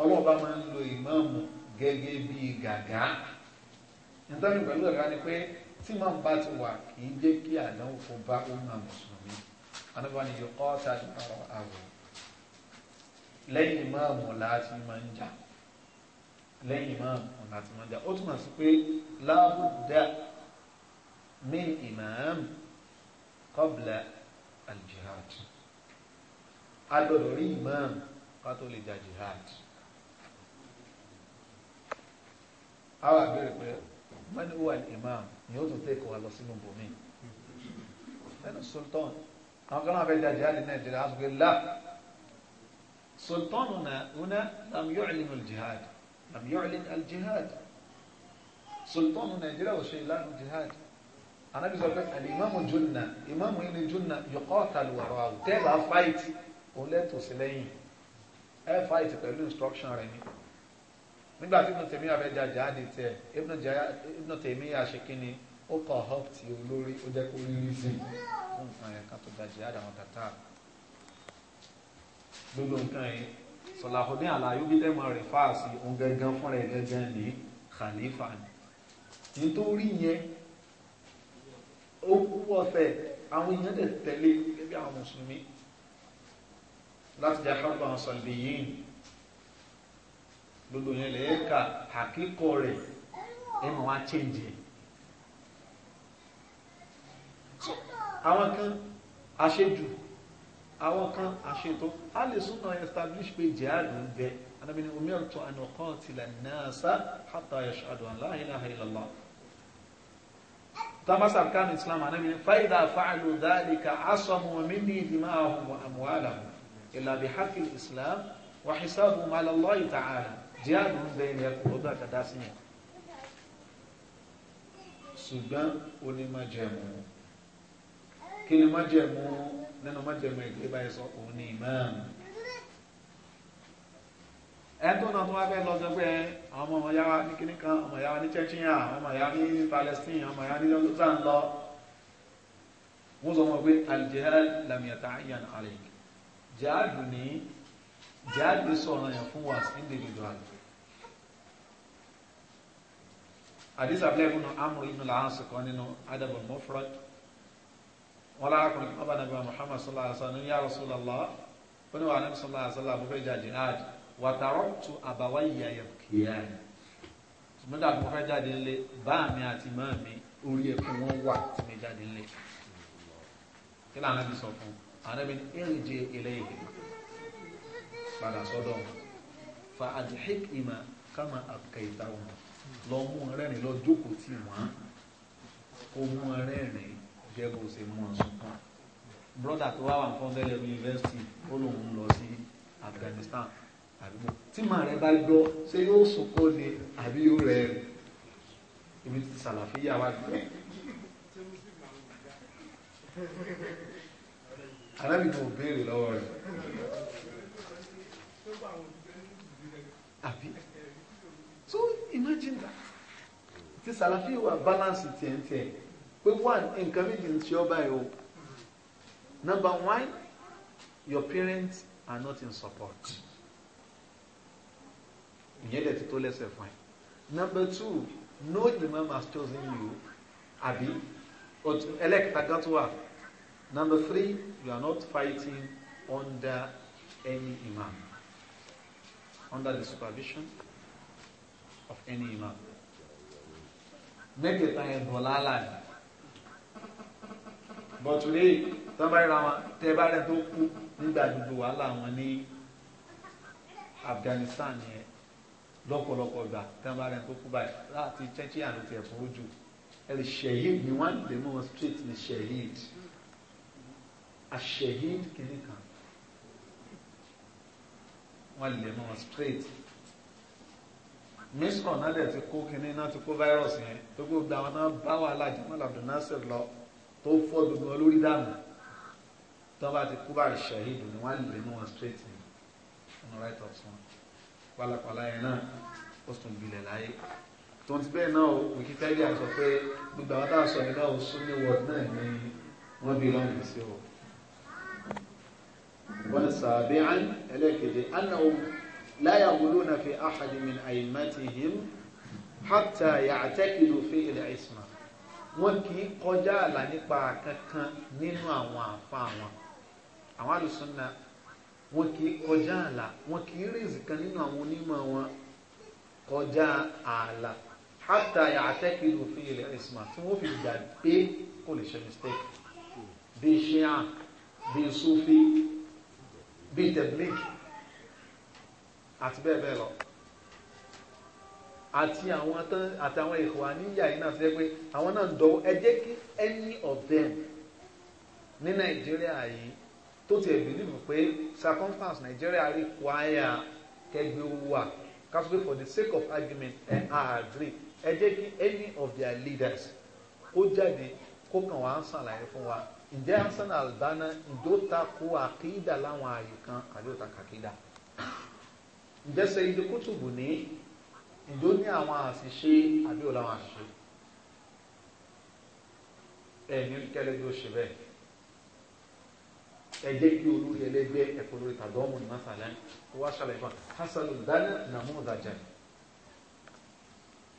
ọlọ́ọ̀bá máa ń lo ìmáàmù gẹ́gẹ́ bí gàgá nítorí pẹ̀lú ẹ̀ka ni pé tí bá ti wà kì í jẹ́ kí àdánwò k'i bá ọmọ mùsùlùmí anábà ní yuqatalu wara'a lẹ́yìn ìmáàmù láti máa ń jà lẹ́yìn ìmáàmù láti máa ń jà ó túmọ̀ sí pé láàbùdá ìmáàmù a gbọ́dọ̀ rí imam ká tó lè jà jihad a wà bẹ̀rẹ̀ pé mani wà ní imam ni ó tún tẹ́ kọ́ wa lọ sínú bòmí ẹnu sultan àwọn kan náà fẹ́ jà jihad ní nàìjíríà a sọ pé la sultan una una lam yu'lin al-jihad lam yu'lin al-jihad sultan nàìjíríà ò ṣe ìlànà jihad anabi sọ pé al junna imam yìí ni junna yuqatal wara'u tẹ́ẹ̀ bá fáìtì òun lẹ́tọ̀ọ́ sí lẹ́yìn ẹ fight pẹ̀lú instruction rẹ̀ ni nígbà tí ibùdó tèmi abẹ́jà jáde tiẹ̀ ibùdó tèmi àṣekínni ó kọ̀ help ti olórí ó jẹ́ kó rírí sí i fún nǹkan yẹn ká tó da jihad àwọn tata gbogbo nǹkan yẹn Salahuddin Al-Ayyubi tẹ́ mọ́ rẹ̀ fáàsì òun gẹ́gẹ́ fúnra ẹ̀ gẹ́gẹ́ ní khalifa nítorí yẹn ó kú ọ̀fẹ́ àwọn èèyàn tẹ̀lé gẹ́gẹ́ àwọn mùsùlùmí láti jẹ́ pápá sọ̀lbìyìn gbogbo yẹn lè ka àkíkọ rẹ̀ ẹ̀ mọ̀ wá chẹ́ǹjì ẹ̀. àwọn kan àṣejù àwọn kan àṣetò a lè súnà establish pé jihad ń bẹ anabi ni omi ọ̀tún àna qatila an-nasa hatta yashhadu an la ilaha illallah tamasa arkan islam anabi ni fa idha fa'alu dhalika asamu minni dima'ahum wa amwalahum إلا بحق الإسلام وحسابهم على الله تعالى جهادهم بين يقولون كداسين ṣùgbọ́n ó ní má jẹ̀mú kí ni má jẹ̀mú nínú má jẹ̀mú ìgbé báyìí sọ òun ní ìmáàmù ẹ̀ẹ́dùn náà tó wá fẹ́ lọ sọ pé àwọn ọmọ yàrá ní kíní kan ọmọ yàrá ní Chechnya ọmọ yàrá ní Palestine ọmọ yàrá ní lọ́sàn lọ wọ́n sọ wọn pé al-jihad lam yata'ayyan jihadu ní jihadu sọ̀rọ̀ yẹn fún wa individual àdìs abúlẹ́bù nù amú inú làásù kan nínú adabul mufrad wọn lárakùnrin ọba nàbà muhammad sallallahu alaihi wasallam ya rasulallah wọn ni wà nàbà sallallahu alaihi wasallam àbúfẹ́ jáde náà wàtàrọ́tù àbáwáyà yẹ̀kìyàn mọ́tà tó fẹ́ jáde ńlẹ̀ bá mi àti má mi orí ẹ̀kún wọn wà tí mi jáde ńlẹ̀ kí làwọn ti sọ anabi irje ilayhim padà sọ́dọ̀ fa adhik ima kama abkaitahum lọ mú rẹ́rìn lọ jókòó tì wọ́n ó mú rẹ́rìn jẹ́ bó ṣe mú ọ sọ́kàn brọ́dà tó wá wà fún ọdẹ́lẹ̀ yunifásitì ó lòun lọ sí Afghanistan àdúgbò tí màá rẹ bá gbọ́ ṣé yóò sunkún ni àbí yóò rẹ ibi tí sàlàfíà wà dùn anábì kò béèrè lọ́wọ́ rẹ̀ àbí so imagine that ti sàlàfí wa balance tiẹ̀tiẹ̀ pé one nǹkan méjì ń ṣe ọ́ báyìí o number one your parents are not in support ìyẹn dẹ̀ ti tó lẹ́sẹ̀ fún ẹ number two no imam has chosen you àbí ẹlẹ́kẹ̀ta gàtúwà. Number three, you are not fighting under any imam, under the supervision of any imam. Mẹ́kẹ̀ta a dọ̀làlà ni. Bọ̀tùlé tọ́bárí ra wọn tẹ́ bá rẹ̀ tó kú nígbà gbogbo wàhálà wọn ní Afghanistan yẹn lọ́pọ̀lọpọ̀ gbà tọ́bárí rẹ̀ tó kú báyìí láti chẹ́chí àrùn tiẹ̀ fún ojú. Ẹ̀ ṣẹ̀yìn ni wọ́n demonstrate ni ṣẹ̀yìn àṣẹyìn kìíní kan wọn lè mọ straight mísírọ̀ náà dẹ̀ ti kó kínní náà ti kó fáírọ̀sì yẹn tó gbogbo àwọn náà bá wàhálà Jamal Abdul Nasir lọ tó fọ́ gbogbo olórí dànù tó bá ti kú bá ṣàhídù ni wọ́n lè mú wọn straight ni on right of sun pálapàla yẹn náà ó sùn gbilẹ̀ láyé tó ti bẹ́ẹ̀ náà Wikipedia sọ pé gbogbo àwọn táwọn sọ yẹn náà ó sún ní wọ́ọ̀dù náà ni wọ́n bí lọ́nà sí o wọ́n sàbẹ̀ án ẹlẹ́kẹ̀dẹ̀ anáwó láyà wúlò náà fi àhàdì min àyèmátìhìm hátà yàtẹ́kìlù fi ilẹ̀ ìsìnà wọn kì í kọjá àlà nípa kankan nínú àwọn àfa wọn àwọn àlùsùnà wọn kì í kọjá àlà wọn kì kan nínú àwọn onímọ̀ wọn kọjá àlà hátà yàtẹ́kìlù fi ilẹ̀ ìsìnà tí wọ́n fi gbà pé kò lè ṣe mistake bí ṣe hàn bí sufi bíi tẹ̀blík àti bẹ́ẹ̀ bẹ́ẹ̀ lọ àti àwọn tán àti àwọn ìhùwà níyà yìí náà ti rẹ pé àwọn náà ń dọwọ́ ẹ jẹ́ kí any of them ní nàìjíríà yìí tó ti believe pé circumstance nàìjíríà require kẹgbẹ́ wà kásìkò for the sake of argument ẹ á agree ẹ jẹ́ kí any of their leaders ó jáde kó kàn wá ń sàlàyé fún wa ǹjẹ́ Hasan Albana ǹjọ́ ta ko àkídà láwọn ààyè kan àbí ó ta kàkídà ǹjẹ́ Sayyid Kutubu ní ǹjọ́ ní àwọn àṣìṣe àbí ó láwọn àṣìṣe ẹ̀mí kẹlẹ́ bí ó ṣe bẹ́ẹ̀ ẹ jẹ́ kí olórí ẹlẹ́gbẹ́ ẹ̀kọ́ lórí tàdọ́mù ní masalan kó wá ṣàlàyé fún Hasan Albana nàmúdàjà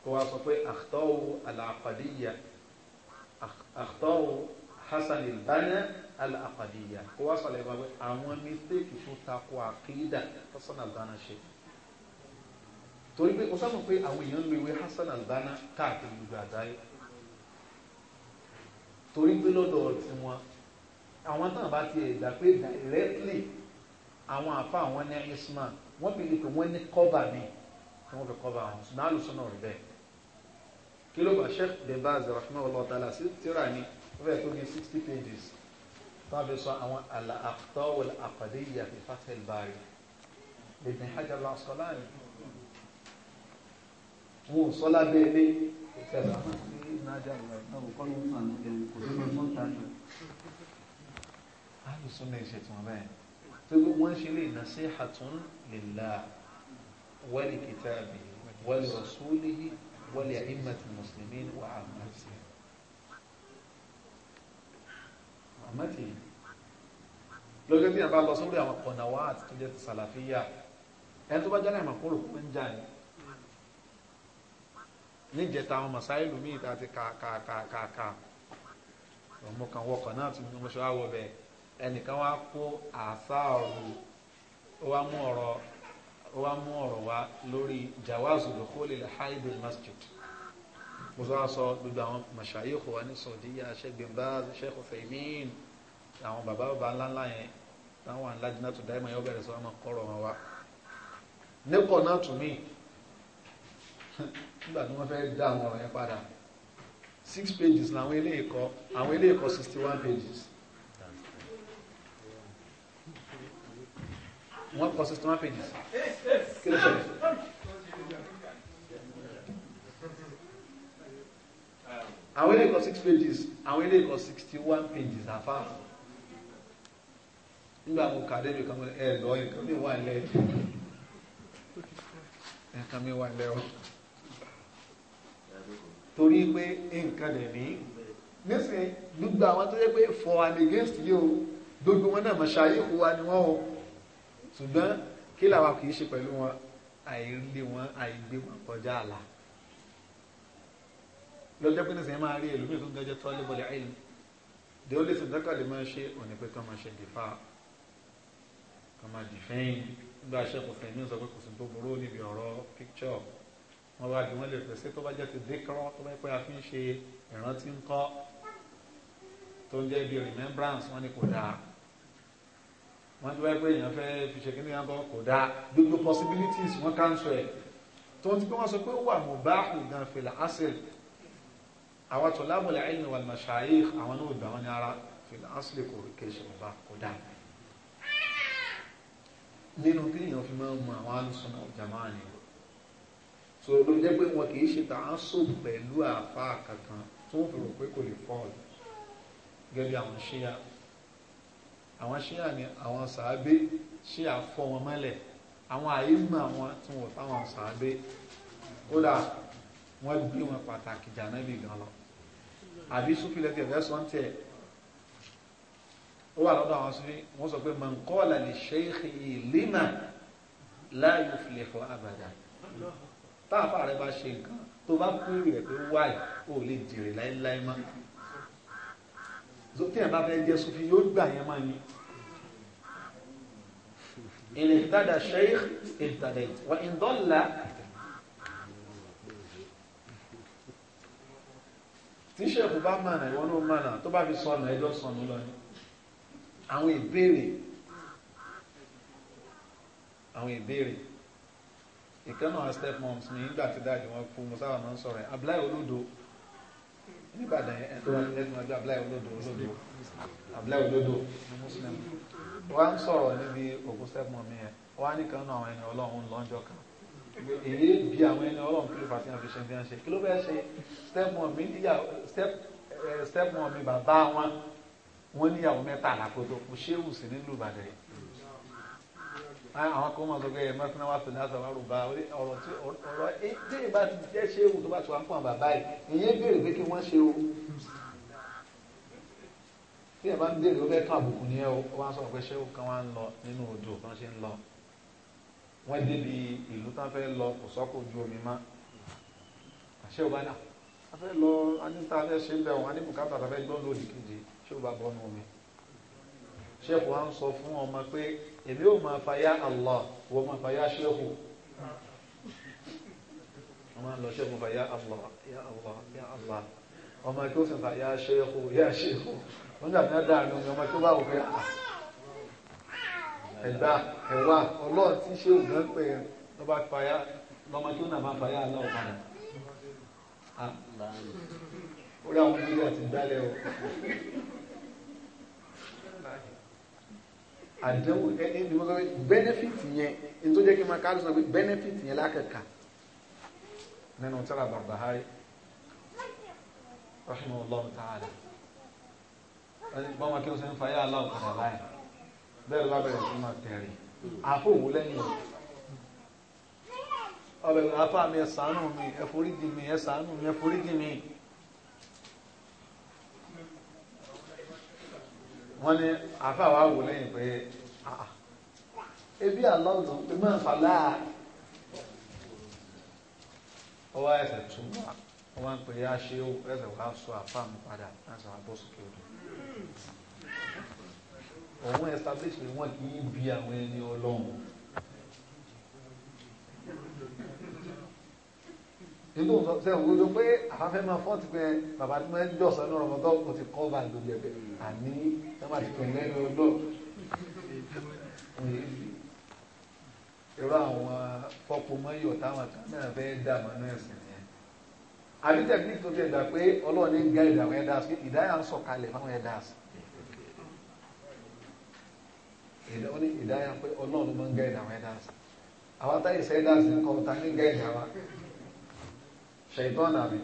kó wá sọ pé àkhtau al-aqadiyya àkhtau hasan al-banna al-aqadiyya kó wá sọ̀rọ̀ ìbáwí àwọn mistake tó takò àkéyídà hasan al-banna ṣe torí pé o sábà pé àwọn èèyàn ń lo ìwé hasan al-banna káàkiri gbogbo àgbáyé torí pé lọ́dọ̀ tiwọn àwọn táwọn bá ti gbà pé directly àwọn àfa àwọn ní isma wọ́n fi lè pè wọ́n ní kọ́bà mi tí wọ́n fi kọ́bà àwọn ṣùgbọ́n àlùsọ̀nà rẹ̀ bẹ́ẹ̀ kí ló bá sheikh bin baz rahman allah sí tíra ni fẹ́ẹ̀ tó di sixty pages tó fi sọ àwọn al-aqta'ul aqdiyya fi Fath al-Bari Ibn Hajar al-Asqalani wọn ò sọ lábẹ́ ilé àwọn tí nájà rẹ̀ náà kọ́ ló ń sàn ní kò sí lọ́sọ̀ tájú. alùsùn lè ṣètò wọn bẹ́ẹ̀ tó gbé wọ́n ṣe lè nasihatun lillah wa li kitabihi wa li rasulihi wa li a'immatil muslimin wà á mọ̀ Amati. lójú tí yẹn bá lọ sórí àwọn kọ̀nàwá àti tó jẹ́ ti sàlàfíà ẹni tó bá jẹ́ láìmọ̀ kúrò kó ń jà ní. níjẹta àwọn masáìlú míì tá a ti kàkàkàkà ọmọ kan wọkọ̀ náà ti mú ọmọṣọ́ àwọ̀ bẹ́ẹ̀ ẹnìkan wá kó àṣà ọ̀rọ̀ ó wá mú ọ̀rọ̀ wá lórí jawazu dukhulil haidul masjid mo sọ sọ gbogbo àwọn màṣáyéèkó wa ní sọdíyà ṣẹgbẹmbà ṣẹkọ fẹmíìn àwọn bàbá bàbá ńláńlá yẹn táwọn aládìná tó dáìmọ̀ yẹn ó bẹ̀rẹ̀ sọ wọn kọ́rọ̀ wọn wá nípọ̀ náà tún mí nígbà tí wọ́n fẹ́ dá àwọn ọ̀rọ̀ yẹn padà six pages làwọn eléyìí kọ àwọn eléyìí kọ sixty one pages. wọ́n kọ sixty one pages kí ló ṣẹlẹ̀. àwọn ilé kan six pages àwọn ilé kan sixty one pages àfa nígbà mo kà débi kan ẹ lọ nǹkan mi wà lẹ nǹkan mi wà lẹ o torí pé nǹkan dẹ̀ ní nísìnyí gbogbo àwọn tó yẹ pé for and against yìí o gbogbo wọn náà mọ̀ ṣáyé kó wa ni wọ́n o ṣùgbọ́n kí làwa kì í ṣe pẹ̀lú wọn àìlè wọn àìgbé wọn kọjá àlà lọ́jọ́ pé nísìnyí máa rí ẹlòmíì tó ń gẹ́jẹ́ tọ́lé bọ̀lẹ̀ àìlú the only thing that kàlẹ́ máa ń ṣe òní pé kàn máa ṣe dìfà kàn máa dìfẹ́yìn nígbà sẹ́kù fẹ̀mí sọ pé kò sí tó burú níbi ọ̀rọ̀ picture wọ́n bá bí wọ́n lè pèsè tó bá jẹ́ ti dékọ́rọ́ tó bá pẹ́ a fi ń ṣe ìrántí ń kọ́ tó ń jẹ́ bí remembrance wọ́n ní kò dáa wọ́n ti wáyé pé èèyàn fẹ́ fi ṣe kíní yàtọ̀ kò dáa gbogbo possibilities wọ́n cancel ẹ̀ tó ń ti pé wọ́n sọ pé ó wà mọ̀ báàkù gan fèlà asset àwọn tulabul ilmi wal mashayikh àwọn náà gbà wọn ní ara fìlà asli kò kéṣe ọba kò dá nínú kéèyàn fi máa ń mọ àwọn alùsùnà jamaa ni so ló jẹ́ pé wọn kì í ṣe tààsù pẹ̀lú àáfàá kankan tí wọ́n fi rò pé kò lè fọ́ọ̀lù gẹ́gẹ́ bí àwọn ṣíyà àwọn ṣíyà ni àwọn sàábé ṣíyà fọ́ wọn mọ́lẹ̀ àwọn àyíǹmọ̀ àwọn tí wọ́n táwọn sàábé kódà wọ́n gbé wọn pàtàkì jànábì gan lọ àbí sufi lẹ́tẹ̀ fẹ́ sọ ń tẹ̀ ó wà lọ́dọ̀ àwọn sufi wọ́n sọ pé man qala li shaykhi lima la yuflihu abada táàfà rẹ bá ṣe nǹkan tó bá kúrò rẹ pé wáì ó lè jèrè láéláé má tí ẹ̀ bá fẹ́ jẹ́ sufi yóò gbà yẹn má ni in ihtada shaykh ihtada wa in dalla. tíṣẹ́ kò bá mànà ìwọ náà mànà tó bá fi sọnù ẹjọ́ sọnù lọ ni àwọn ìbéèrè àwọn ìbéèrè ìkan náà step moms mi nígbà tí dáàdi wọn kú mo sábà máa ń sọ̀rọ̀ ẹ̀ abúláyé olódo nígbàdàn ẹ̀ tó wà lẹ́nu ọjọ́ abúláyé olódo olódo abúláyé olódo muslim wọ́n á ń sọ̀rọ̀ níbi òkú step mom yẹn wọ́n á ní kan náà àwọn ẹni ọlọ́run lọ́jọ́ kan èyí bí àwọn ẹni ọlọ́run kí ló fà sí àwọn fìṣẹ́ fìṣẹ́ ṣe kí ló fẹ́ ṣe step one mi níyàwó step step one mi bàbá wọn wọn níyàwó mẹ́ta àlàkótó kò ṣéwù sí nílùú Ìbàdàn yìí àwọn kan máa sọ pé ẹ mẹ́fúnná wà fún náà sọ̀rọ̀ bá ọ̀rọ̀ tí ọ̀rọ̀ tí ìbá ti jẹ́ ṣéwù tó bá ti wà fún bàbá yìí ìyẹn béèrè pé kí wọ́n ṣe o tí ẹ bá ń béèrè ó fẹ́ kán àbùkù ní ẹ o wọ́n á sọ̀rọ̀ pé ṣéwù kan wá ń lọ nínú odò kan ṣe ń lọ wọ́n débi ìlú tán fẹ́ lọ kò sọ́kò ju omi mọ́ àṣẹ ò bá dà a fẹ́ lọ anita fẹ́ ṣe bẹ́ẹ̀ wọn anibukata ta fẹ́ gbọ́n lódì kejì ṣé ò bá bọ́ nu omi ṣẹ́kù wa ń sọ fún ọmọ pé èmi ò máa fàyà Allah wọ́n máa fàyà ṣẹ́kù wọ́n máa lọ ṣẹ́kù fàyà Allah ya Allah ya Allah ọmọ tó sì fàyà ṣẹ́kù ya ṣẹ́kù wọ́n dàbí náà dáa ní ọmọ tó bá wù pé ah ẹ̀gbá ẹ̀wà ọlọ́ọ̀ tí ṣé ògán pé lọ́ba fàyà lọ́mọ tó nà máa fàyà aláwọ̀ padà. orí àwọn ọmọdé àti gbálẹ̀ o. àdéhùn ẹni ni wọ́n sọ pé benefit yẹn ní tó jẹ́ kí n máa káàdùn sọ pé benefit yẹn lákàkà nínú tírà Barbahari rahimahullah ta'ala. bọ́n ma kí wọ́n sọ ń fàyà aláwọ̀ padà báyìí bẹ́ẹ̀ ló bá bẹ̀rẹ̀ sí máa tẹ̀rẹ̀ àfọ òun lẹ́yìn rẹ̀ ọbẹ̀ afá mi ẹ ṣàánú mi ẹ foríjì mi ẹ ṣàánú mi ẹ foríjì mi. wọ́n ní afá wa wò lẹ́yìn pé ebi àlọ́nà pé máa fà ọwọ́ ẹsẹ̀ tún wọ́n pè é aṣẹ́ ẹsẹ̀ wàá sọ afá mi padà láti wàá sókè odò òun establish pé wọn kì í bi àwọn ẹni ọlọ́run inú sẹ òun ló pé àfẹ́fẹ́ máa fọ́n ti pé bàbá tí wọ́n ń jọ̀sán ní ọ̀rọ̀ mọ́tò kò ti kọ́ bá gbogbo ẹ̀gbẹ́ àní sábà ti pín lẹ́nu ọlọ́run irú àwọn fọpọmọyọ táwọn kan náà fẹ́ dà mọ́nú ẹ̀sìn yẹn àbí tẹ̀kíníkì tó ti ẹ̀dà pé ọlọ́run ní gáìdì àwọn ẹ̀dá ìdáyà ń sọ̀kalẹ̀ fáwọn ẹ̀dá sí ó ni, ìdáyà pé ọlọ́run máa ń gẹ́ ìdáwọ̀ ẹ̀dá sí àwọn táyì sẹ́dá sí ń kọ́ ta ní gẹ́ ìdáwà ṣèyítọ́ nàbí.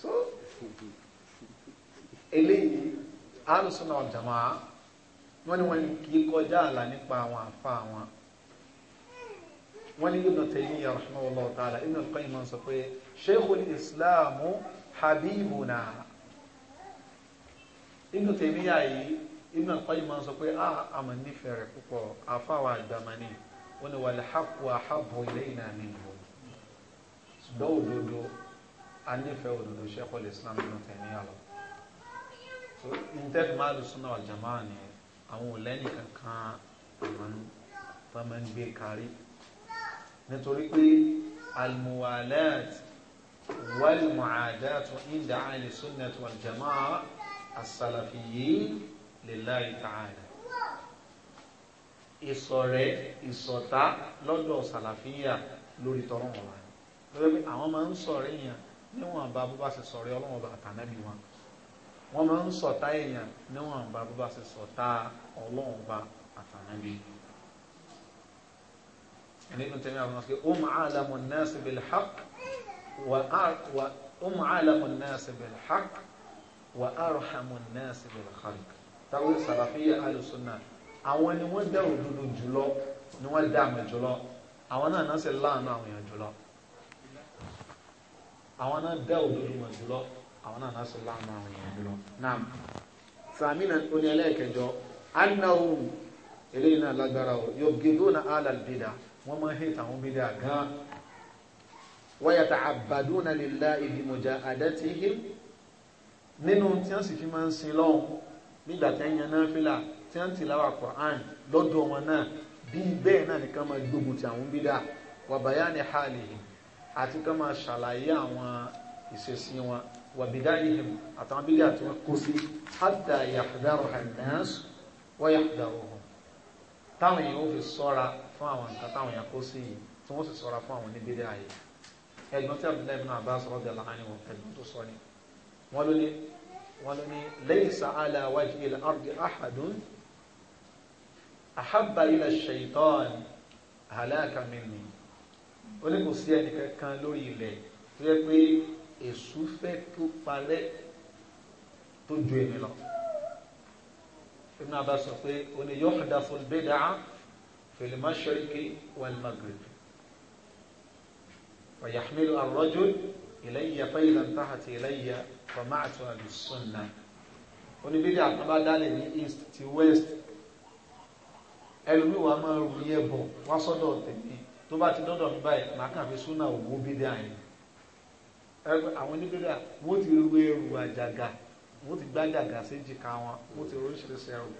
so eléyìí alùsùn náà jàmọ́ a wọ́n ní wọ́n kì í kọjá àlà nípa àwọn àfa wọn wọ́n ní Ibn Taymiyyah rahimahullah ta'ala Ibn al-Qayyim sọ pé sheikhul islam habibuna inú tèmíyà yìí inú àpáyé máa ń sọ pé ah, a àmà nífẹ̀ẹ́ rẹ̀ púpọ̀ àfáwà àgbàmánì wọn ni wàlẹ̀ hàpù àhàbù ilé ìnà mi ìbò ṣùgbọ́n òdodo a nífẹ̀ẹ́ òdodo Sheikhul Islam inú tèmíyà lọ. ntẹ́bi máa lù súnà al-jamaa ni àwọn òlẹ́ni kankan àwọn tó máa ń gbé kárí nítorí pé al-muwalat wal-mu'adat inda ahli sunnah wal-jamaa asàlàfíyìn lillahi ta'ala ìṣọ̀rẹ́ ìṣọ̀tá lọ́dọ̀ sàlàfíyà lórí tọrọ wọn lọ́dọ̀ pé àwọn máa ń sọ̀rẹ́ èèyàn níwọ̀n bá bó bá ṣe sọ̀rẹ́ ọlọ́wọ́n bá àtànábì wọn wọ́n máa ń sọ̀tá èèyàn níwọ̀n bá bó bá ṣe sọ̀tá ọlọ́wọ́n bá àtànábì ẹni tó ń àwọn ọmọkè um ó alamu nnaasi bil haqq wa ó um alamu nnaasi bil haqq wà arhamun nas bil khalq táwọn sàlàfíà alùsùnà àwọn ni wọ́n dá òdodo jùlọ ni wọ́n dá àmì jùlọ àwọn náà náà sì láàánú àwọn èèyàn jùlọ àwọn náà dá òdodo wọn jùlọ àwọn náà náà sì láàánú àwọn èèyàn jùlọ naam sàmínà oní ẹlẹ́ẹ̀kẹjọ anáwó eléyìí náà lágbára o yóò gèdó na alàlbìdà wọn máa hẹ́ tàwọn bìdà gan wọ́n lillahi bi mujaadatihim nínú tí wọ́n sì fi máa ń sin lọ́hùn nígbà tí wọ́n yan náfìlà tí wọ́n ti láwà Qur'an lọ́dọ̀ wọn náà bíi bẹ́ẹ̀ náà nìkan máa gbógun ti àwọn bídà wàbáyá ni hàlì àti kan máa ṣàlàyé àwọn ìṣesí wọn wàbídà ìhìn àtàwọn bídà tí wọ́n kó sí hàtà yàkùdárò hànàs wọ́n yàkùdárò hàn táwọn èèyàn ó fi sọ́ra fún àwọn nǹkan táwọn èèyàn kó sí yìí tí wọ́n sì sọ́ra fún àwọn oníbídà yìí ẹ̀gbọ́n tí Abdullahi ibn Abbas radiyallahu anhu ẹ̀gbọ́n tó sọ ni wọ́n ló ní wọn ló ní laysa ala wajhil ardi ahadun ahabba ila ash-shaytan halaka minni ó ní kò sí ẹnì kankan lórí ilẹ̀ tó yẹ pé èṣù fẹ́ tó parẹ́ tó ju èmi lọ Ibn sọ pé ó ní yuhdathu al-bid'a fil mashriqi wal maghrib ويحمل الرجل إلي فإذا انتهت إلي fọmáàtù àlùsùnà oníbídà kan bá dálẹ̀ ní east ti west ẹlòmíì wa máa rú yẹ bọ̀ wá sọ́dọ̀ tèmi tó bá ti dọ́dọ̀ mi báyìí màá kàn fi súnà owó bídà yẹn àwọn oníbídà wọ́n ti rú ẹrù àjàgà wọ́n ti gbá àjàgà sí jìkà wọn wọ́n ti rú oríṣiríṣi ẹrù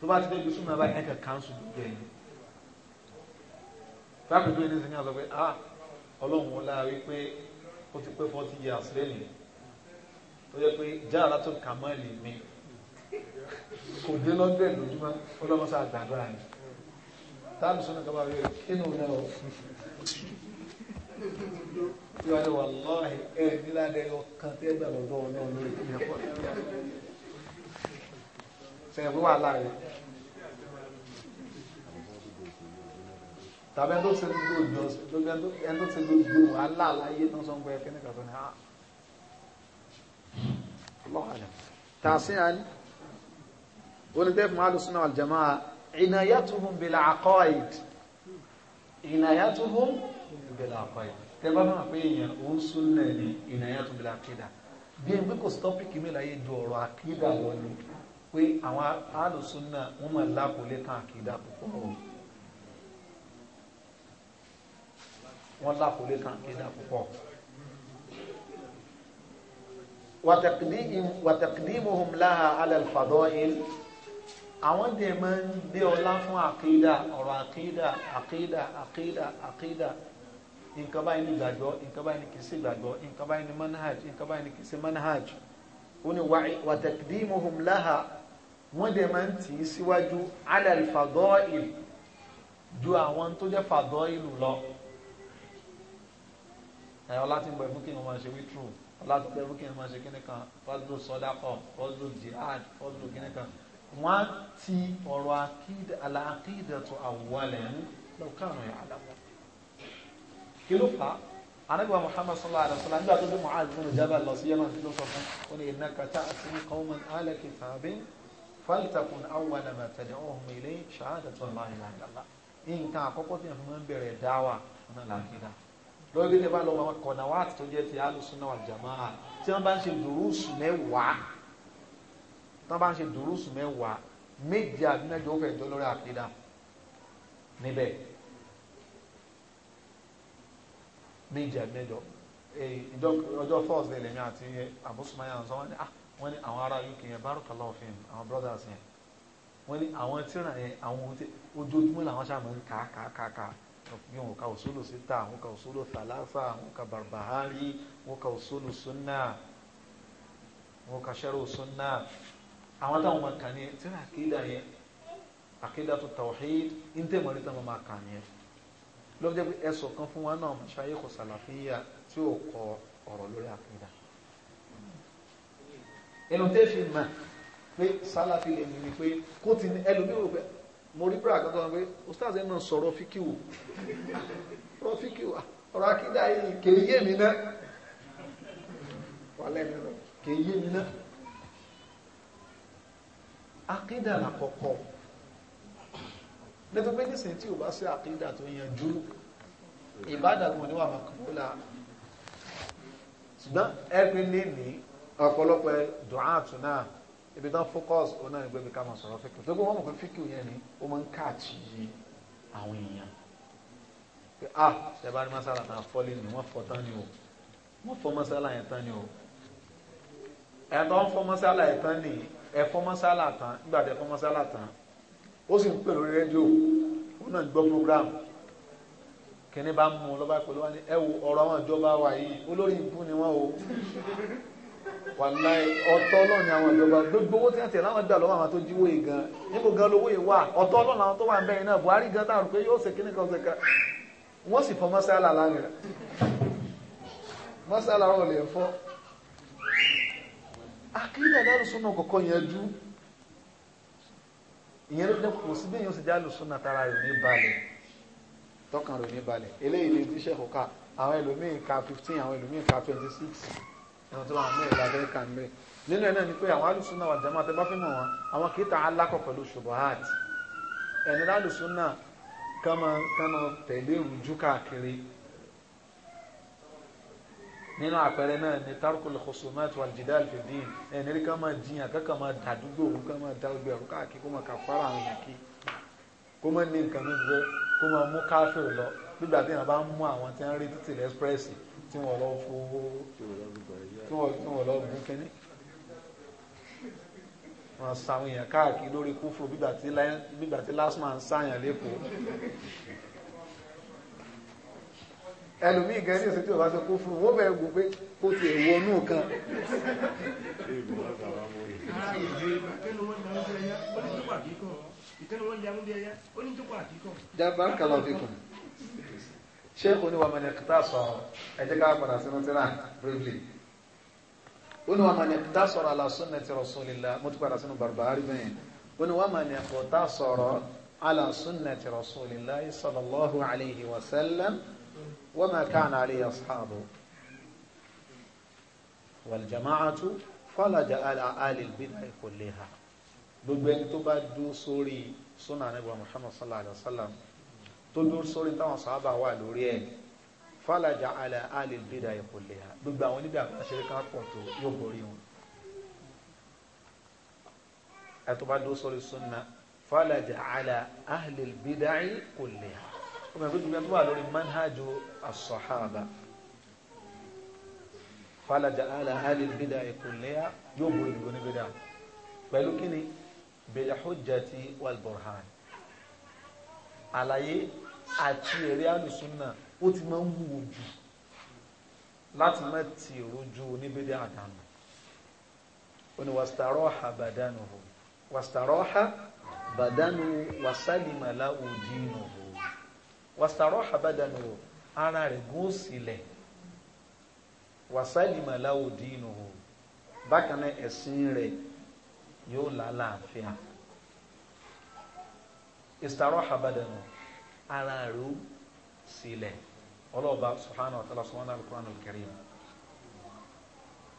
tó bá ti débi súnà báyìí ẹ̀ka kanṣu gbogbo ẹ̀yìn fáàpì tó yẹ ní sinmi àti pé ah ọlọ́run wọn lára wípé ó ti pé forty years lẹ́yìn tó yẹ pé jáàlá tó kà mọ́ lè mí kò dé lọ́dún ẹ̀ lójúmọ́ ọlọ́mọṣẹ́ àgbàdúrà ni táàmì sọ́nà kaba rẹ̀ kínú náà o yóò ní wàláhì ẹ̀ nílàdẹ̀ ọkàn tẹ́ gbà lọ́dọ̀ ọlọ́run lórí ìpínlẹ̀ sẹ́yìn fún wàhálà rẹ̀. tàbí ẹni tó ṣe gbogbo ẹni tó ṣe gbogbo wàhálà láyé tó ń sọ ń gbọ́ ẹ kí ni kàtó ni á. Ah, الله أعلم تعصيا ولذلك مع السنة والجماعة عنايتهم بالعقائد عنايتهم بالعقائد tẹ́bá máa pé èèyàn òun súnlẹ̀ ní عنايتهم بالعقيدة bí ẹgbẹ́ kò stọ́pìkì mi láyé ju ọ̀rọ̀ àkídà lọ ni pé àwọn alùsùnà wọ́n máa lákòólé kan àkídà púpọ̀ wọ́n lákòólé kan àkídà púpọ̀ wàtàkìdìmùhùn láha alẹ́lfàdọ́ il àwọn dẹ̀ máa ń dé ọlá fún àkídà ọ̀rọ̀ àkídà àkídà àkídà àkídà nǹkan báyìí ní ìgbàgbọ́ nǹkan báyìí ní kìí ṣe ìgbàgbọ́ nǹkan báyìí ní manhaj nǹkan báyìí ní kìí ṣe manhaj ó ní wàtàkìdìmùhùn láha wọ́n dẹ̀ máa ń tì í síwájú alẹ́lfàdọ́ il ju àwọn tó jẹ́ fàdọ́ ìlú lọ ẹ̀yọ́ láti ń bọ̀ fún kí wọ́n máa ṣe wí true ọlátúpẹ́ fún kí n máa ṣe kíní kan fọ́dún sọ́dákọ̀ fọ́dún jihad fọ́dún kíní kan wọ́n á ti ọ̀rọ̀ aláàkídà tó àwọlẹ̀ ń lọ́kàrùn àdàpọ̀ kí ló fà á anábìwá muhammad sallallahu alaihi wa sallam nígbà tó dé mu'az bin jabal lọ sí yemen kí ló sọ fún ó ní innaka ta'ti qauman ala kitabin faltakun awwala ma tad'uhum ilay shahadatu allahi la ilaha illallah lọ́gẹ́ ní bá lọ wọn kọ̀nà wá tó jẹ́ ti alùsùnà wal jamaa tí wọ́n bá ń ṣe dùrúsù mẹ́wàá tí wọ́n bá ń ṣe dùrúsù mẹ́wàá méje àbí mẹ́jọ ó fẹ́ jọ lórí àkídà níbẹ̀ méje àbí mẹ́jọ ọjọ́ thursday lèmi àti abusumaya ń sọ wọ́n ní ah, wọ́n ní àwọn ará uk yẹn barakallahu fihim àwọn brothers yẹn wọ́n ní àwọn tíran yẹn àwọn ojoojúmọ́ làwọn ṣàmì ń yun ka usulu sita hun ka usulu thalasa hun ka barbahari hun ka usulu sunna hun ka sharu sunna àwọn táwọn máa kàn yẹn tí wọn àkídà yẹn àkídà tó tawhid ní tẹ́ mọ̀lẹ́ta wọn máa kàn yẹn lọ́wọ́ jẹ́ pé ẹ̀sọ̀ kan fún wa náà mọ̀ṣáyé kò sàlàfíà tí ò kọ ọ̀rọ̀ lórí àkídà ẹnu tẹ́ fi mà pé sàlàfíà lè pé kó ti ẹlòmíràn pé mo rí bra kan tó wọn pé ustaz ẹ̀ náà sọ̀rọ̀ fíkìwò ọ̀rọ̀ fíkìwò ọ̀rọ̀ akídá yìí kèé yé mi náà wà lẹ́nu rẹ̀ kèé yé mi náà akídà làkọ́kọ́ nítorí pé nísìnyí tí o bá sí akídà tó yanjú ìbádàgbọ̀n níwà màkúbólà ṣùgbọ́n ẹgbẹ́ lè ní ọ̀pọ̀lọpọ̀ dùn àtúnáà ibi tán focus ọ̀nà ìgbé bí ká máa sọ̀rọ̀ fíkì tó gbé wọn mọ̀ pé fíkì yẹn ni ó máa ń káàkiri àwọn èèyàn pé a ah, ṣe bá rí masala tán fọ́lé ni wọ́n fọ́ tán ni o wọ́n fọ́ masala yẹn tán ni o ẹ̀tọ́ ń fọ́ masala yẹn tán ni ẹ fọ́ masala tán nígbà tẹ fọ́ masala tán ó sì ń pè lórí rédíò ó náà gbọ́ program kẹ́ni bá mú un lọ́ba pẹ̀lú wa ni ẹ wo ọ̀rọ̀ àwọn ìjọba wa yìí olórí ìbú ni wọ́n o wàláì ọ̀tọ̀ ọlọ́run ni àwọn ìjọba gbogbo owó tí wọ́n ti rẹ̀ láwọn gbà lọ́wọ́ àwọn tó jíwó yìí gan níbo gan lówó yìí wà ọ̀tọ̀ ọlọ́run àwọn tó wà ń bẹ́yìn náà Buhari gan táwọn pé yóò ṣe kíní kan ṣe ká wọ́n sì fọ́ mọ́sálà lánàá mọ́sálà wọn lè fọ́ akílẹ̀ lárùsùnà kọ̀kọ́ yẹn dú ìyẹn ló dẹ́kun kò sí bí èèyàn sì já lùsùnà ní balẹ̀ tọkàn rẹ̀ ní balẹ̀ eléyìí lè díṣẹ́ twenty six ẹ̀wọ̀n tó wà mẹ́rin lábẹ́ kà mẹ́rin nínú ẹ̀ náà ni pé àwọn alùsùnà wà jẹ́mọ́ àti báfíìmù wọn àwọn kì í ta alákọ̀ pẹ̀lú ṣubuhat ẹ̀ni alùsùnà kama kama tẹ̀lé ìrújú káàkiri nínú àpẹẹrẹ náà ni tarkul khusumat wal jidal fi din ẹ̀ni rí kama jiyàn kaka ma dàdúgbò òun kama da ọgbẹ́ ọ̀rọ̀ káàkiri kó ma kà fara àwọn yàn kí kó ma ní nǹkan mi gbé kó ma mú káfíìrì lọ nígbà tí wọn bá ń mú àwọn tí wọn rí títì lẹ́sprẹ́sì tí wọn lọ fún kí wọ́n lọ bú kínní wọ́n sàwọn èèyàn káàkiri lórí kúfùrù bígbà tí lásìmọ̀ ń sáyàn lẹ́kọ̀ọ́ ẹlòmíì gan ní ìsìn tí ọba ti kú fún un wọ́n bẹ̀rẹ̀ gbò pé kó ti èwo inú kan. jábá ń kàlọ́ fi kùn ṣé oníwàmọ̀ ni kìtà sọ̀rọ̀ ẹ ká padà sínú tíra briefly ó ní wọ́n máa ní ẹ̀kọ́tà sọ̀rọ̀ ala sunnati rasulillah mo ti padà sínú barbari bẹ́ẹ̀ ó ní wọ́n máa ní ẹ̀kọ́tà sọ̀rọ̀ ala sunnati rasulillah sallallahu alayhi wa sallam wa ma kana alayhi ashabu wal jama'atu falaja ala alil bid'ah kulliha gbogbo ẹni tó bá dúró sórí sunna anabi muhammad sallallahu alayhi wa sallam tó dúró sórí táwọn sàhábà wà lórí ẹ̀ falajà àlà àlè bídà ìkọlẹ̀ ha gbogbo àwọn oníbẹ̀ àbáṣẹ́rẹ́ ká pọ̀ tó yóò borí wọn ẹ̀tọ́ bá dó sọ́rí súnna falajà àlà àlè bídà ìkọlẹ̀ ha ó mẹ́rin gbogbo ẹ̀tọ́ wà lórí manhajú asọ̀hábà falajà àlà àlè bídà ìkọlẹ̀ ha yóò borí gbogbo oníbẹ̀dà pẹ̀lú kíni bẹ̀lẹ̀ hujjati wal àti èrè àlùsùn ó ti máa ń wúwo jù láti má ti rojú oníbèdè àdánù ó ní wàstàrọ́hà bàdánù hù wàstàrọ́hà bàdánù wàsálìmàlà òdìnnù hù wàstàrọ́hà bàdánù hù ara rẹ̀ gún sílẹ̀ wàsálìmàlà òdìnnù hù bákan náà ẹ̀sìn rẹ̀ yóò lálàáfíà ìstàrọ́hà bàdánù ara rẹ̀ ó sílẹ̀ ọlọ́ọ̀bá subhanahu wa ta'ala sọ́wọ́n náà Qur'an al-Karim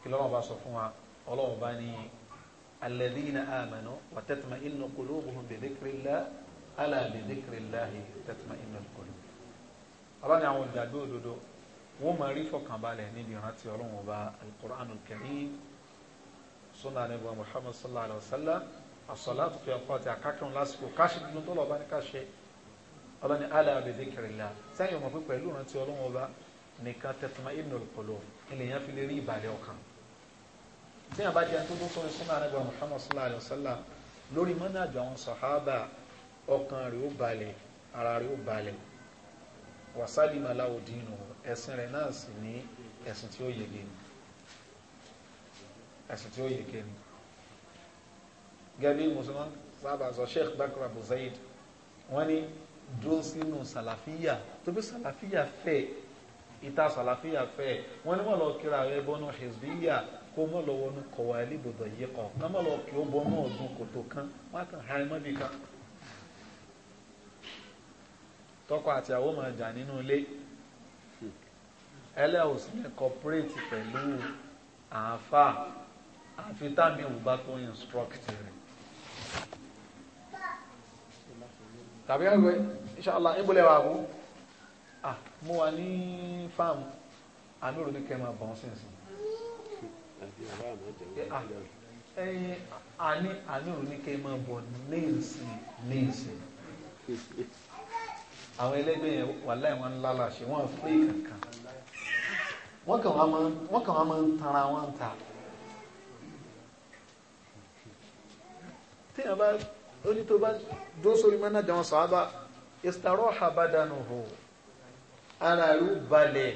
kí lọ́wọ́ bá sọ fún wa ọlọ́wọ́ bá ní alladhina amanu wa tatma'innu qulubuhum bi dhikrillah ala bi dhikrillah tatma'innu al-qulub ọlọ́ni àwọn olùdàgbé òdodo wọ́n máa rí fọkànbalẹ̀ níbi ìrántí ọlọ́wọ́ bá al-Qur'an al-Karim sunna anabi Muhammad sallallahu alayhi wa sallam as-salatu fi ọkọ̀ àti akákẹ́hùn lásìkò káṣí sẹ́yìn ọmọ pé pẹ̀lú ìrántí ọlọ́run ọba nìkan tẹ̀tùmá ìnùl qulub ènìyàn fi lè rí ìbàlẹ̀ ọkàn tí a bá jẹ́ tó tó sọ̀rọ̀ súnà àrẹ́gbà Muhammad sallallahu alayhi wa sallam lórí mọ́nàjọ àwọn sàhábà ọkàn rẹ̀ ó balẹ̀ ara rẹ̀ ó balẹ̀ wàsálì màláwò dínú ẹ̀sìn rẹ̀ náà sì ní ẹ̀sìn tí ó yege ni ẹ̀sìn tí ó yege ni gẹ́gẹ́ bí mùsùlùmí sábà sọ Sheikh Bakr Abu Zaid wọ́n ní dúró sínú sàlàfíà tó bí sàlàfíà fẹ́ ìta sàlàfíà fẹ́ wọ́n ní wọ́n lọ kíra rẹ bọ́nà hezbíyà kó mọ́ lọ wọnú kọ̀wá ẹlẹ́bọ̀dọ̀ yìí kan ká mọ́ lọ kí ó bọ́ náà dún kòtò kan wọ́n á kàn ha ẹ mọ́bì kan. tọkọ àti àwọn máa jà nínú ilé ẹlẹ́wọ̀n sì ní kọ́pírẹ́tì pẹ̀lú àáfà àfi tàbí òbá tó instructor rẹ̀ tàbí ẹgbẹ́ inshallah ń bolẹ̀ wà kú ah mo wà ní fáàmù àmì òrùn ní kẹmà bọ̀ ọ́n sínsìn ah, ẹyin àní àní òrùn ní kẹmà bọ̀ léèsì léèsì àwọn ẹlẹgbẹ́ yẹn wà láì wọn lálà ṣe wọn fún èyí kankan wọn kàn wọn máa ń tanra wọn ta téèyàn bá ó ní tó bá dó sórí mọ́nájà wọn á bá istaroha badanuhu ara rẹ̀ ó balẹ̀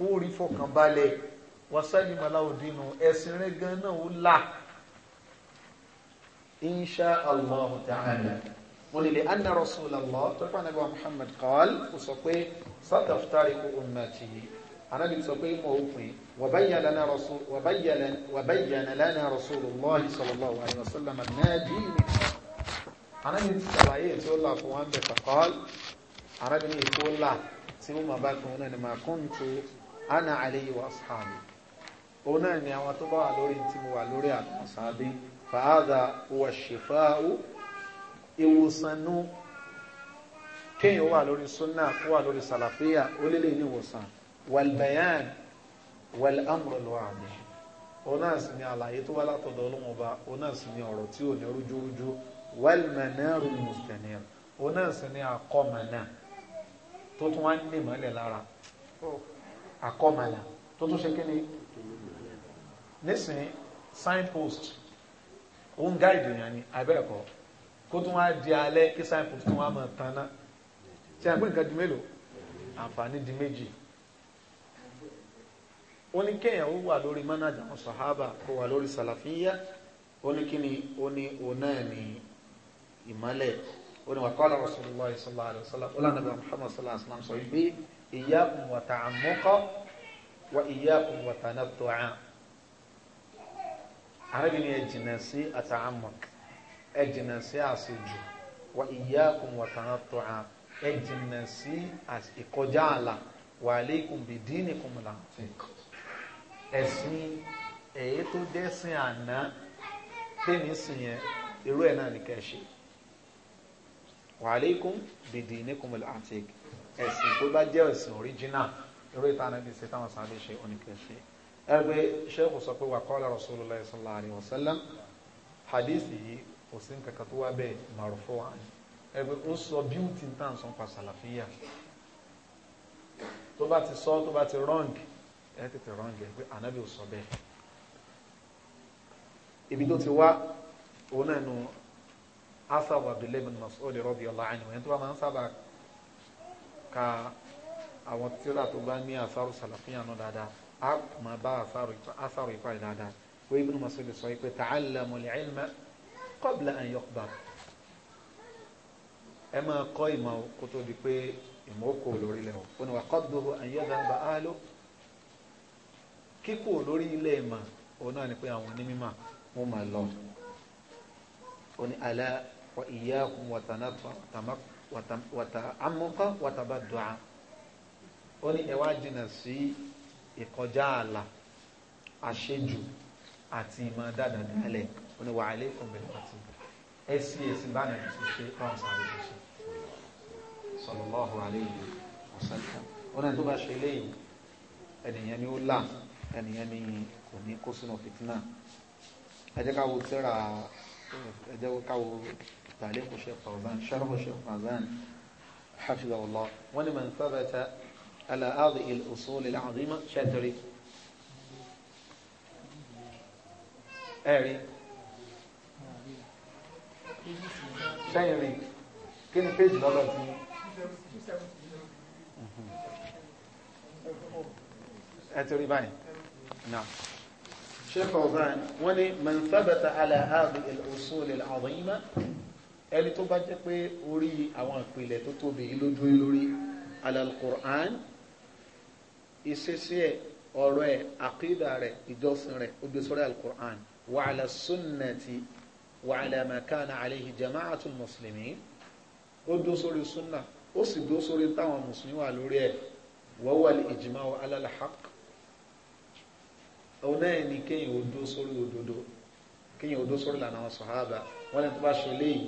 ó rí fọkàn balẹ̀ wasali malawudinu ẹ̀sìn rẹ̀ gan náà ó là insha allah ta'ala olùlé anna rasulallah tó fún anabi wa muhammad kawal kò sọ pé sataftari kò ummati anabi sọ pé mo òpin wàbáyà lana rasulullah sallallahu alayhi wa sallam an-naji anábi ṣàlàyé tí ó là fún wa ń bẹ̀ fàkọ́l anábi ní ìkó là tí ó máa bá gbọ́n náà ni máa kún tó ana àlẹ́yìí wa sàmì òun náà ni àwọn tó bá wà lórí tí mo wà lórí àwọn sàbí fàáza wà ṣèfáàwó ìwòsànú kéèyàn wà lórí súnà kó wà lórí sàlàfíà ó lélẹ̀ ní ìwòsàn wàlbẹ̀yàn wàlámùrọ̀lọ́wọ́ àmì òun náà sì ni àlàyé tó wá látọ̀dọ̀ ọlọ́mọba òun náà sì ni ọ̀rọ̀ tí ò ní rújúrújú wàlmẹ̀nẹ́rù mùsùlùmí òun náà sì ní akọ́mọ̀nà tó tún wá ń ní ìmọ̀lẹ̀ lára akọ́mọ̀nà tó tún ṣe kí ni nísìnyí signpost ó ń yẹn ni abẹ́ẹ̀kọ́ kó tún wá di alẹ́ kí signpost tún wá máa tanná ṣe àgbẹ̀ nǹkan di mélòó àǹfààní di méjì ó ní kéèyàn ó wà lórí mánàjà àwọn sàhábà kó wà lórí sàlàfíyà ó ní kí nìyí ìmọ́lẹ̀ ó ní wàkọ́lá rasulullah sallallahu alayhi wa sallam ó lànà bí muhammad sallallahu alayhi wa sallam sọ yìí pé iyyakum wa ta'ammuqa wa iyyakum wa tanattu'a arábìnrin ẹ jìnnà sí àtàmùk ẹ jìnnà sí àṣejù wa iyyakum wa tanattu'a ẹ ẹ̀sìn èyí tó dẹ́sìn àná tẹ́mi sìn yẹn irú ẹ̀ náà ní kẹ́ ṣe wa alaykum bi dinikum al-atiq ẹ̀sìn tó bá jẹ́ ẹ̀sìn original eré ìtànà bí ṣe táwọn sáré ṣe oníkẹ́ṣe ẹgbẹ́ ṣẹ́kù sọ pé wa qala rasulullah sallallahu alayhi wa sallam hadith yìí kò sí nǹkan tó wá bẹ́ẹ̀ marfu'an ẹgbẹ́ ó sọ bíútì tá à ń sọ pa sàlàfíà tó bá ti sọ tó bá ti rọ́ǹgì ẹ tètè rọ́ǹgì ẹgbẹ́ ànábì ò sọ bẹ́ẹ̀ ibi tó ti wá òun náà asabu abdullahi bin masoud radiyallahu anhu ẹni tó bá máa ń sábà ka àwọn tíra tó bá ní asaru salafiyan náà dáadáa a máa bá asaru ipa yìí dáadáa wọ́n ibn masoud sọ pé ta'allamu al-ilma qabla an yuqbar ẹ máa kọ́ ìmọ̀ kó tó di pé ìmọ̀ kò lórí lẹ̀ o ní wà qabduhu an yadhhaba ahlu kíkò lórí ilẹ̀ ìmọ̀ òun náà ni pé àwọn onímọ̀ wọ́n máa lọ. وإياكم وتنطع وتعمق وتبدع ó ní ẹ wá jìnnà sí ìkọjá ààlà àṣejù àti ìmọ̀ dáadáa dálẹ̀ ó ní wa alaykum bil àti ẹ̀sìn ẹ̀sìn bá nàìjíríà ti ṣe fáwọn sáré tó ṣe sallallahu alayhi wa sallam ó náà tó bá ṣe léyìn ẹnìyẹn ni ó là ẹnìyẹn ni kò ní kó sínú fìtínà ẹ jẹ́ ká wo tírà ẹ jẹ́ ká wo تعليق الشيخ فوزان شرح الشيخ فوزان حفظه الله ولمن ثبت على هذه الأصول العظيمة شاتري أري شاتري كن فيج لغتي أتري باين نعم شيخ فوزان ولمن ثبت على هذه الأصول العظيمة ẹni tó bá jẹ́ pé orí àwọn ìpìlẹ̀ tó tóbi lójú lórí alalkur'an ìṣesí ẹ̀ ọ̀rọ̀ ẹ̀ àkídà rẹ̀ ìjọsìn rẹ̀ ó gbé sórí alukur'an wa ala sunnati wa ala ma kana alayhi jama'atul muslimin ó dó sórí sunna ó sì dó sórí táwọn mùsùlùmí wà lórí ẹ̀ wa wal ijma'u ala ọ̀nà ẹ̀ ni kéèyàn ó dó sórí òdodo kéèyàn ó dó sórí lànà àwọn sàhábà wọ́n lẹ́nu tó bá ṣe léyìí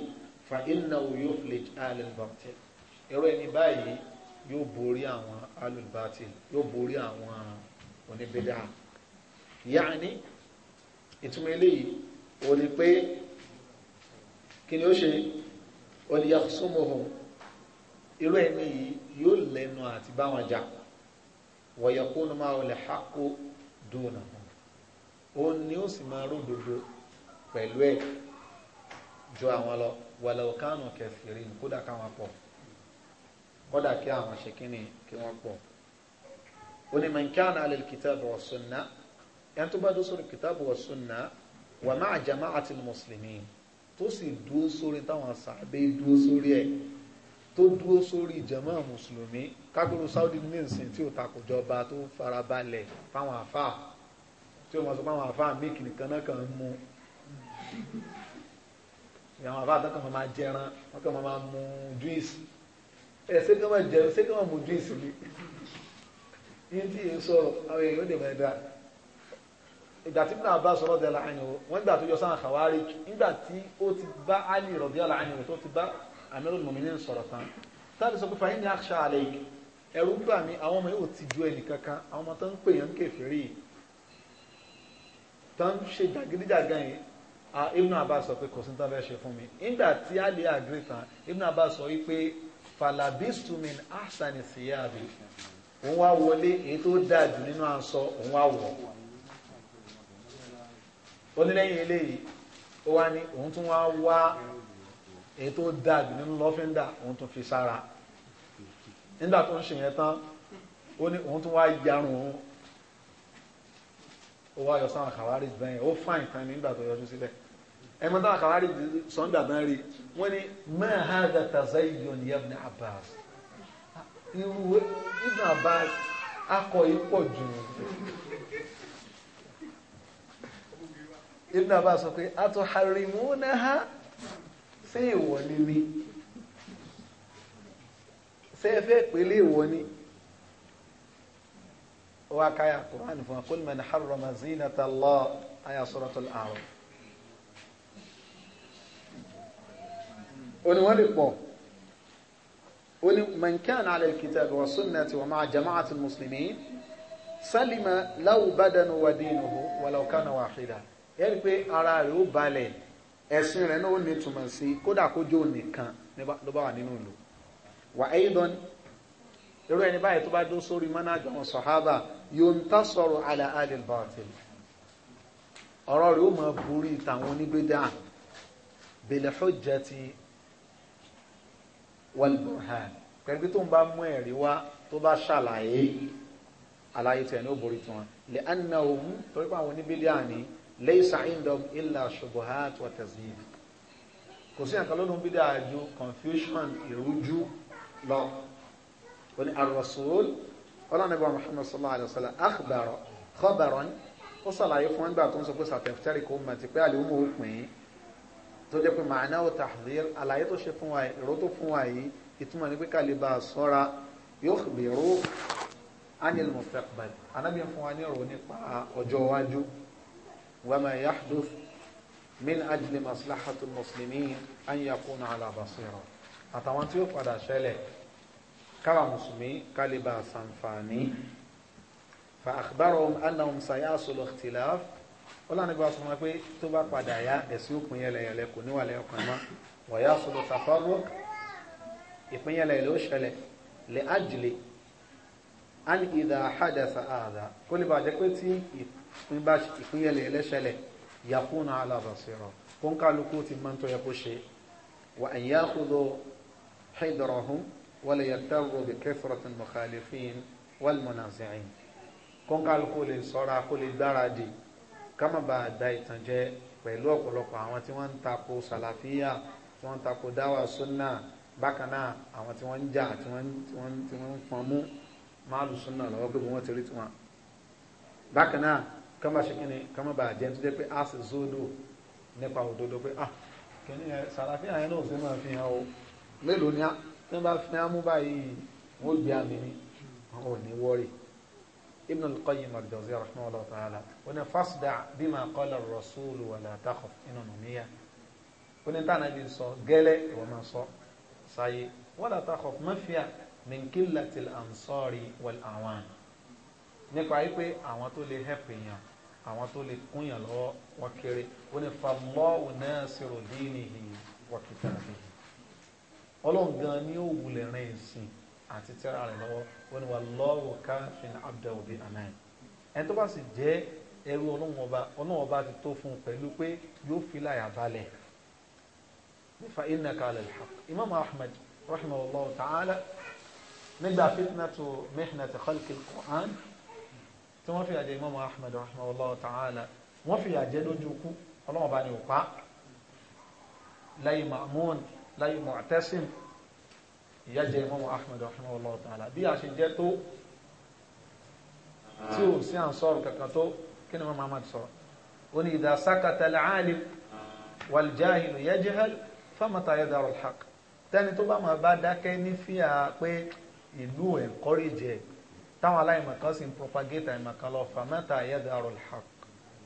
fa innahu yuflij alal batil ẹ̀rọ ẹni báyìí yóò borí àwọn alal batil yóò borí àwọn oníbẹ̀dà yaani ìtumọ̀ eléyìí ò ní pé kí ni ó ṣe olùyàsómọ̀hún irú ẹni yìí yóò lẹ́nu àti báwọn jà wọ̀yọ̀kúnnù máa wọlé hákó dùnà òun ni ó sì máa ródodo pẹ̀lú ẹ̀ ju àwọn lọ walau kanu kathirin kódà káwọn pọ̀ kódà kí àwọn ṣèkínni kí wọ́n pọ̀ ó ní man kana ala al-kitabi wa sunna ẹni tó bá dó sórí kitabu wa sunna wa ma'a jama'ati al-muslimin tó sì dúró sórí táwọn sàbẹ̀ dúró sórí ẹ̀ tó dúró sórí jama mùsùlùmí kágbóró Saudi ní tí ò takò jọba tó farabalẹ̀ fáwọn àfáà tí ó mọ̀ sọ fáwọn àfáà mí kìnnìkan náà kàn ń mú àwọn àbá àtọ́kàn máa jẹran wọ́n kàn máa mú juice ẹ ṣé kí wọ́n máa jẹun ṣé kí wọ́n mú juice ni yín tí yìí sọ àwọn èèyàn lè máa dá ìgbà tí Ibn Abbas radiyallahu anhu wọ́n gbà tó yọ sáà Khawarij nígbà tí ó ti bá Ali radiyallahu anhu tó ti bá Amirul Mu'minin sọ̀rọ̀ tán táàbí sọ pé fàyín ní akhsha alayk ẹ̀rù gbà mí àwọn ọmọ yóò ti ju ẹnì kankan àwọn ọmọ tó ń pè yàn kèfèrí tó ń ṣe jàgídíjàgan yìí Ah, ibn abbas sọ pé kò sí tán fẹ́ ṣe fún mi nígbà tí ali agree tán ibn abbas sọ wípé falabistu min ahsani siyabi òun wá wọlé èyí tó dáa jù nínú aṣọ òun wá wọ̀ onílẹ̀yìn eléyìí ó wá ní òun tún wá wá èyí tó dáa jù nínú lọ́fíńdà òun tún fi sára nígbà tó ń ṣe yẹn tán ó ní òun tún wá yarun òun ó wá yọ sáwọn kàwárí bẹ́ẹ̀ ó fáìn tán nígbà tó yọjú síbẹ̀ ẹmọ táwọn kàwárí sọ́ńdà náà rí wọ́n ní ma hadha tazayyun ya ibn Abbas irú ibn Abbas akọ yìí pọ̀ jù ibn Abbas sọ pé atuharrimunaha ṣé ìwọ ni ni ṣé ẹ fẹ́ pèlè ìwọ ni wa káyà Qur'an fún wa qul man zinata Allah aya suratul oni wọ́n lè pọ̀ oni man kana ala alkitabi wa sunnati wa ma'a jama'ati almuslimin salima law badanu wa dinuhu wa law kana wahida yẹn pé ara rẹ̀ ó balẹ̀ ẹ̀sìn rẹ̀ náà ó ní túmọ̀ sí kódà kójó nìkan ló bá wà nínú ìlú wà aidan irú ẹni báyìí tó bá dó sórí mọ́nájú àwọn sọ̀hábà yuntasaru ala alil batil ọ̀rọ̀ rẹ̀ ó máa borí tàwọn onígbédà bil hujjati wal-burhan pẹ̀lú tó ń bá mú ẹ̀rí wá tó bá ṣàlàyé àlàyé tẹ̀ ní òbòrí tiwọn li'annahum torí pé àwọn oníbílẹ̀ àní laysa indahum illa shubuhat wa tazib kò sí àkàlọ́ ló ń bí dáa ju confusion ìrújú lọ wọ́n ni ar-rasul ọlọ́nàbí wa sallallahu alayhi wa sallam akhbara khabaran ó ṣàlàyé fún wọn gbà pé sàtẹ̀fẹ́rì kò mọ̀ ti pé àlè ó mọ̀ ó pín in tó jẹ́ pé màánà ò tàhír àlàyé tó ṣe fún wa yìí ìró tó fún wa yìí ìtumọ̀ ní pé kàlíbà sọ́ra yukhbiru anil mustaqbal anábìyàn fún wa ní ọ̀rọ̀ nípa ọjọ́ iwájú wa ma yahduth min ajli maslahati muslimin an yakuna àtàwọn tí ó padà ṣẹlẹ̀ káwa mùsùlùmí kàlíbà sànfààní fa akhbarahum annahum sayasulu ikhtilaf ọlọ́nàgbà sọ wọn pé tó bá padà yá ẹ̀sìn òpin yẹlẹyẹlẹ kò ní wà lẹ́yìn ọkàn mọ́ wọ̀nyá sọ̀rọ̀ tàfọ́rọ́ ìpín yẹlẹyẹlẹ ó ṣẹlẹ̀ lè ájìlè án ìdá àhádàsá àdá kó lè bàjẹ́ pé tí ìpín yẹlẹyẹlẹ ṣẹlẹ̀ yakuna alábàṣírọ̀ kó ń kálukú ti máa ń tọ́ yẹ kó ṣe wà ń yá kúrò xidrọ̀hún wọlé yàtàrọ̀ bí kẹfìrọ̀tún kama bá da ìtànjẹ pẹ̀lú ọ̀pọ̀lọpọ̀ àwọn tí wọ́n ń tako sàlàfíà tí wọ́n ń tako dáwà súnà bákan náà àwọn tí wọ́n ń jà tí wọ́n ń pọn mú máàlù súnà lọ́wọ́ pé wọ́n ti rí tiwọn. bákan náà kama ṣe kama bá jẹ́ tó jẹ́ pé a sì zódò nípa òdodo pé ah kìíní ẹ sàlàfíà yẹn náà ò sí máa fi hàn o mélòó ni a fi hàn mú báyìí wọ́n gbé àmì ni wọ́n ò ní wọ́rì ibn al-qayyim al-jawziyya rahimahullah ta'ala ó ní fasda bima qala ar-rasul wa la takhaf inú nìyà ó ní tànà bí sọ gẹ́lẹ́ ìwọ máa sọ sáyé wa la takhaf mafia min qillati al-ansari wal-awan nípa wípé àwọn tó lè hẹ́pì yàn àwọn tó lè kún yàn lọ́wọ́ wọ́n kéré ó ní fallahu nasiru dinihi wa kitabihi ọlọ́run gan ni ó wulẹ̀ rìn ìsìn àti tẹ́ra rẹ̀ lọ́wọ́ wọn ni wallahu kafin abdahu bi aman ẹni tó bá sì jẹ́ ẹrú ọlọ́wọ́n ọba ọlọ́wọ́n ọba ti tó fún un pẹ̀lú pé yóò fi láyà balẹ̀ nífa innaka ala al-haqq imam ahmed rahimahullah ta'ala nígbà fitnatu mihnati khalqi quran tí wọ́n fìyà jẹ imam ahmed rahimahullah ta'ala wọ́n fìyà jẹ lójú kú ọlọ́wọ́n ọba ni pa láyé ma'mun láyé mu'tasim ìyá jẹ Imam Ahmed rahimahullah ta'ala bí a ṣe jẹ tó tí o sí à ń sọ̀rọ̀ kankan tó kí ni Imam Ahmed sọ̀rọ̀ ó ní idha sakata al-alim wal-jahilu yajhal famata yadharu al-haqq tẹ́ni tó bá máa bá dákẹ́ ní fíà pé ìlú ẹ̀ńkọ́rẹ́jẹ̀ táwọn aláìmọ̀ kan sì ń propagate àìmọ̀ lọ famata yadharu al-haqq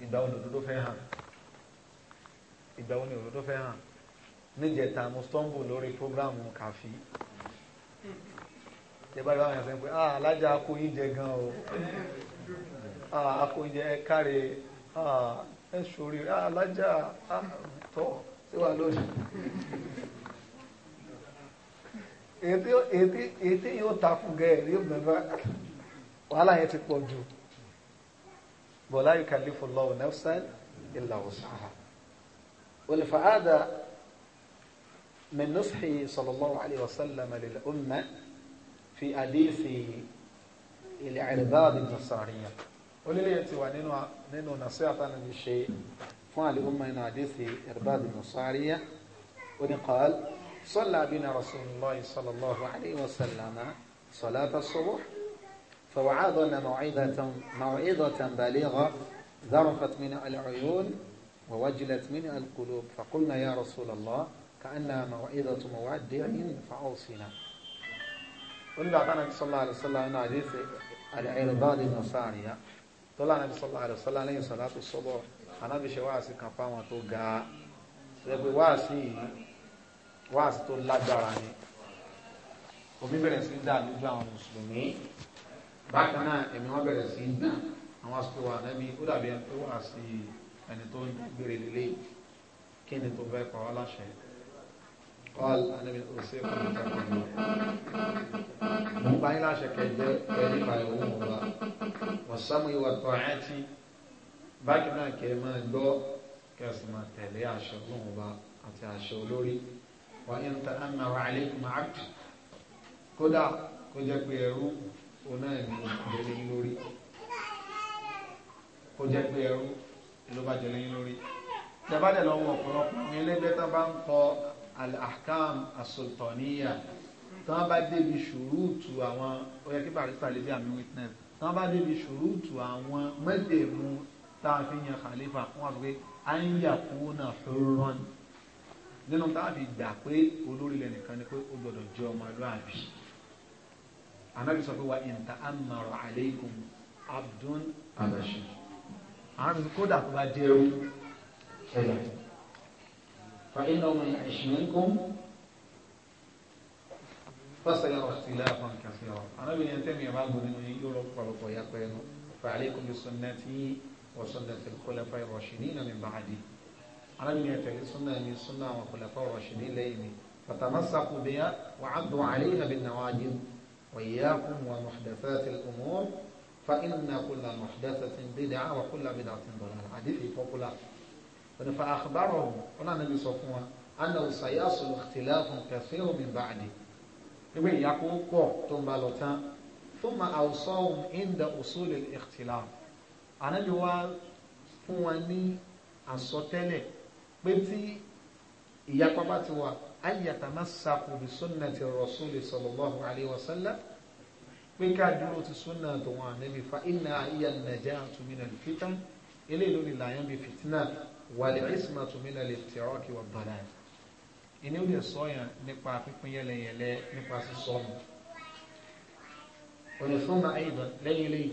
ìgbà wo ni òdodo fẹ́ hàn ìgbà wo ni òdodo fẹ́ hàn níjẹta mo stumble lórí programu kàfí tẹ́bàrí wà yẹn sẹ́ pé ah alájà akóyin jẹ gan o ah akóyin jẹ káre ah ẹ sori ah alájà ah tọ́ sí wà lónìí ètí ètí ètí yóò takú gẹ̀ẹ́ yóò bẹ̀rẹ̀ wàhálà yẹn ti pọ̀ jù bọ̀lá yóò kàlí fún lọ́wọ́ nafsan illa wus'aha olùfàádà min nushi sallallahu alayhi wa sallam lil umma. في حديث العرباض بن سارية وللي أنت ونينو نينو نصيحة من شيء فعل أمة من حديث العرباض بن ونقال صلى بنا رسول الله صلى الله عليه وسلم صلاة الصبح فوعظنا موعظة موعظة بليغة ذرفت من العيون ووجلت من القلوب فقلنا يا رسول الله كأنها موعظة مودع فأوصنا onígbà tánà bí sọlá àlẹ sọlá náà àdé fẹ àlẹ ẹrọ bá dé mọsá àríyá tọ́lá àná bí sọlá àlẹ sọlá lẹ́yìn sọlá tó sọ́bọ̀ ànábì ṣe wáàsí kan fáwọn tó ga rẹpẹ wáàsí yìí wáàsí tó lágbára ni omi bẹ̀rẹ̀ sí dà lójú àwọn mùsùlùmí bákan náà ẹ̀mí wọn bẹ̀rẹ̀ sí dà àwọn àsìkò wa ànábì ó dàbí ẹni tó wáàsí ẹni tó ń gbére lélẹ́yìn kí ni tó fẹ́ pa wá láṣẹ قال أنا من أوصيكم بتقوى الله مبين لا شك يجب يوم الله والسمع والطاعة بكنا كما دو كما تلي عشر الله àti àṣẹ olórí wà ní ta anna wa alaykum abd kódà kó jẹ́ pé ẹrú oná ẹ̀mí jẹ́lé lórí kó jẹ́ pé ẹrú ló bá jẹ́lé lórí jẹ́bá dẹ̀ lọ́wọ́ ọ̀pọ̀lọpọ̀ ní ẹlẹ́gbẹ́ tán bá ń kọ al-ahkam as-sultaniya tí wọ́n bá débi ṣùrùtù àwọn ó yẹ kí barista lè bí àmì witness tí wọ́n bá débi ṣùrùtù àwọn mẹ́tẹ̀ẹ̀mú tá a fi yan khalifa wọ́n sọ pé à ń yakuna hurran nínú tá a fi gbà pé olórí lẹ́nu kan ni pé ó gbọ́dọ̀ jẹ́ ọmọlúwàbí anabi sọ pé wa in ta'ammara alaykum abdun abashi àwọn kódà tó bá jẹ́ ẹ̀rú ẹ̀yà. فإنه من يعش منكم فسيرى اختلافا كثيرا أنا بن ينتمي أمام بن يورو فرق ويقين فعليكم بسنتي وسنة الخلفاء الراشدين من بعدي أنا بن ينتمي سنة من سنة وخلفاء الراشدين ليني فتمسكوا بها وعضوا عليها بالنواجذ وإياكم ومحدثات الأمور فإن كل محدثة بدعة وكل بدعة ضلالة حديث فوق onífa àkàbàrọ̀ ọ̀hún ọ̀nà níbi sọ fún wa anna ọ̀sàyà sọ̀rọ̀ tìlẹ̀ fún kẹfẹ́ omi báàdì ìwé ìyàpọ̀ pọ̀ tó ń bá lọ tán fún ma àwùsọ̀ ọ̀hún ìndà òṣòlè ìtìlá ànábi wa fún wa ní àsọtẹ́lẹ̀ pé tí ìyapa bá ti wà ayatamassaku bi sunnati rasuli sallallahu alayhi wa sallam pé ká dúró ti súnà tó wọn ànábi fa inna ayé nàjà àtúmínà fìtán eléyìí lórí làyàn bí fìtínà والعصمة من الافتراك والضلال إني ودي الصويا نقوى فيكم يلا يلا نقوى في الصوم ثم أيضا ليلي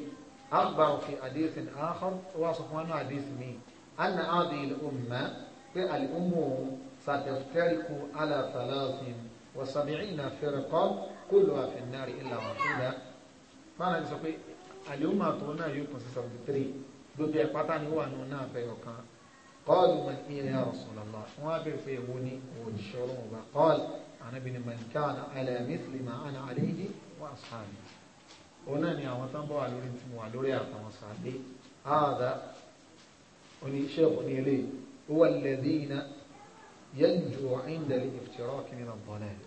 أخبر في حديث آخر وصفوانه حديث مي أن هذه الأمة الأم ستفترق على ثلاث وسبعين فرقة كلها في النار إلا واحدة فأنا أقول اليوم أطولنا يوم 63 دو بيقاتاني هو أنه نافع وكان قالوا من هي يا رسول الله ما بيفيبوني والشعور قال أنا بن من كان على مثل ما أنا عليه وأصحابي هنا ni àwọn tán bọ́ wà lórí tí mo wà lórí àtàwọn sàdé ààdá oníṣẹ́kù ní ilé huwa alladhina yanju inda al-iftiraq min ad-dalal